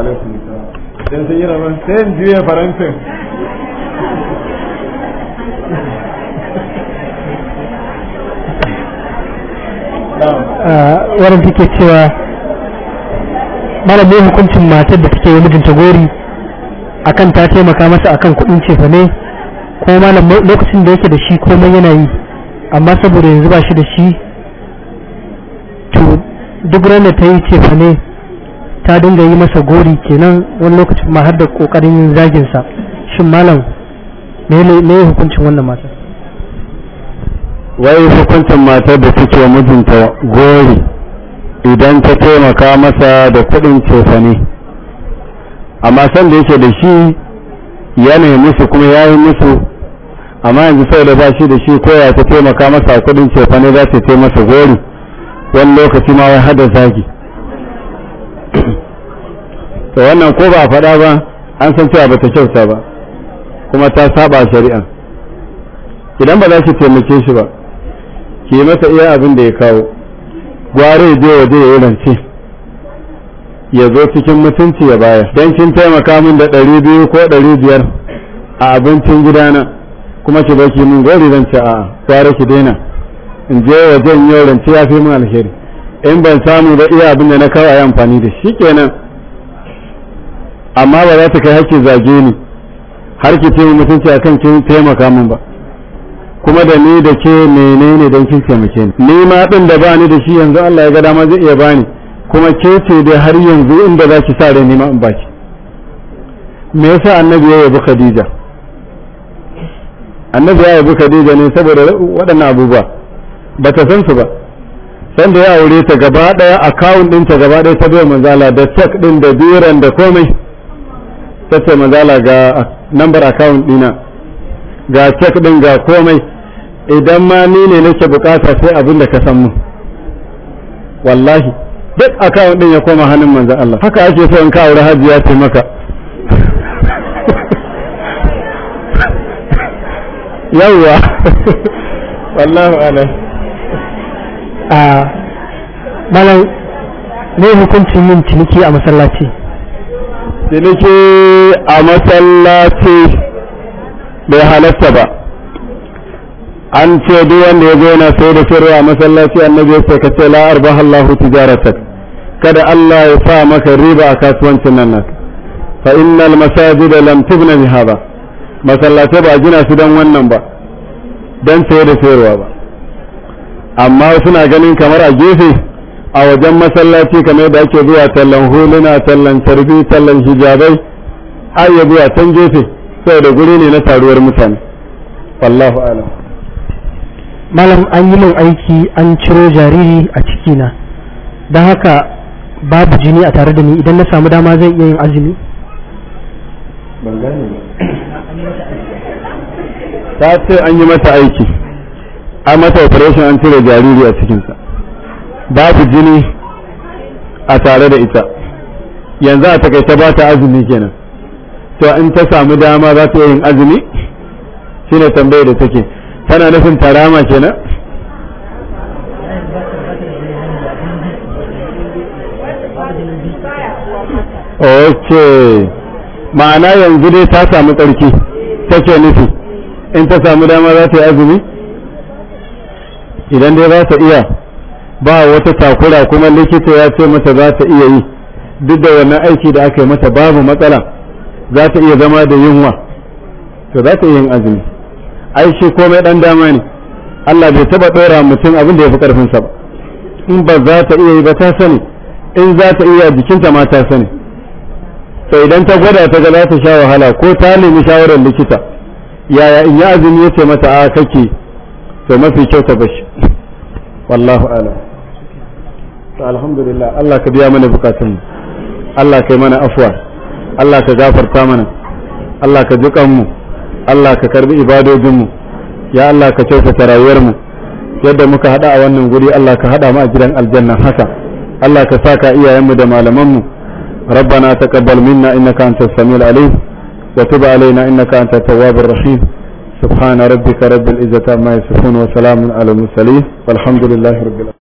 S3: ah, wannan take cewa mara hukuncin matar da take yi mijinta gori akan ta taimaka masa akan kudin cefa ne ko malam lokacin da yake da shi komai yana yi amma saboda yanzu ba shi da shi duk ranar ta yi cefa ne ta dinga yi masa gori kenan wani lokaci ma har da kokarin yin zaginsa shin malam me ya hukuncin wannan matar
S1: wai hukuncin matar da take mijinta gori idan ta taimaka masa da kuɗin cefa ne amma san da yake da shi ya ne musu kuma ya yi musu amma yanzu sai da ba shi da shi koya ta taimaka masa kuɗin cefa ne za ta taimaka gori wani lokaci ma ya hada zagi to wannan ko ba a faɗa ba an san cewa bata kyauta ba kuma ta saba shari'a idan ba za ki taimake shi ba ki yi masa iya abin da ya kawo gware je waje ya rance ya zo cikin mutunci ya baya don kin taimaka min da ɗari biyu ko ɗari biyar a abincin gidana kuma ki baki min gori zan ci a gware ki daina in je wajen yau rance ya fi mun alheri in ban samu da iya abin da na kawo a yi amfani da shi kenan amma ba za ta kai hakki zage ni har ki ce mutunci akan kin taimaka min ba kuma da ni da ke menene don kin taimake ni ni ma din da ba da shi yanzu Allah ya ga dama zai iya bani kuma ke ce da har yanzu inda za ki sa ni ma in baki me yasa annabi ya yabi Khadija annabi ya yabi Khadija ne saboda waɗannan abubuwa ba ta san su ba san da ya aure ta gaba daya account ta gaba daya ta bai manzala da check din da biran da komai ta ce manzala ga number account dina ga check din ga komai idan ma ni ne nake bukata sai abin da ka san mu wallahi duk account din ya koma hannun manzo Allah haka ake so in ka aure hajiya ce maka yawwa wallahu alaihi a
S3: malam ne hukuncin yin ciniki a masallaci
S1: ciniki a masallaci bai halatta ba an ce duk wanda ya zo na sai da sirri a masallaci annabi ya ka ce la arbaha Allahu tijaratak kada Allah ya sa maka riba a kasuwancin nan naka fa innal masajid lam tubna bi hada ba gina su dan wannan ba dan sai da sayarwa ba amma suna ganin kamar a gefe a wajen masallaci kamar da ake zuwa tallan huluna tallan tarbi tallan hijabai har ya zuwa can gefe da guri ne na taruwar mutane wallahu alam
S3: malam an yi min aiki an ciro jariri a cikina don haka babu jini a tare da ni idan na samu dama zan iya yin
S1: azumi ban gane ba ta ce an yi mata aiki an mata operation an cire jariri a cikinsa babu jini a tare da ita yanzu a takaita ba ta azumi kenan to in ta samu dama za ta yin azumi shine tambayar da take tana nufin tarama kenan ok ma'ana yanzu dai ta samu tsarki take nufi in ta samu dama za ta yi azumi idan dai za ta iya ba wata takura kuma likita ya ce mata za ta iya yi duk da wannan aiki da aka yi mata babu matsala za ta iya zama da yunwa to za ta iya yin azumi ai shi komai dan dama ne Allah bai taba dora mutum abin da ya fi karfin ba in ba za ta iya yi ba ta sani in za ta iya jikinta ma ta sani to idan ta gwada ta ga za ta sha wahala ko ta nemi shawarar likita yaya in ya azumi ya ce mata a kake to mafi kyau ta bashi wallahu alam to alhamdulillah Allah ka biya mana bukatun Allah kai mana afwa Allah ka gafarta mana Allah ka dukan mu Allah ka karbi ibadojin mu ya Allah ka kyautata rayuwar mu yadda muka hada a wannan guri Allah ka hada mu a gidan aljanna haka Allah ka saka iyayenmu da malamanmu ربنا تقبل منا إنك أنت السميع العليم وتب علينا إنك أنت التواب الرحيم سبحان ربك رب العزة ما يصفون وسلام على المرسلين والحمد لله رب العالمين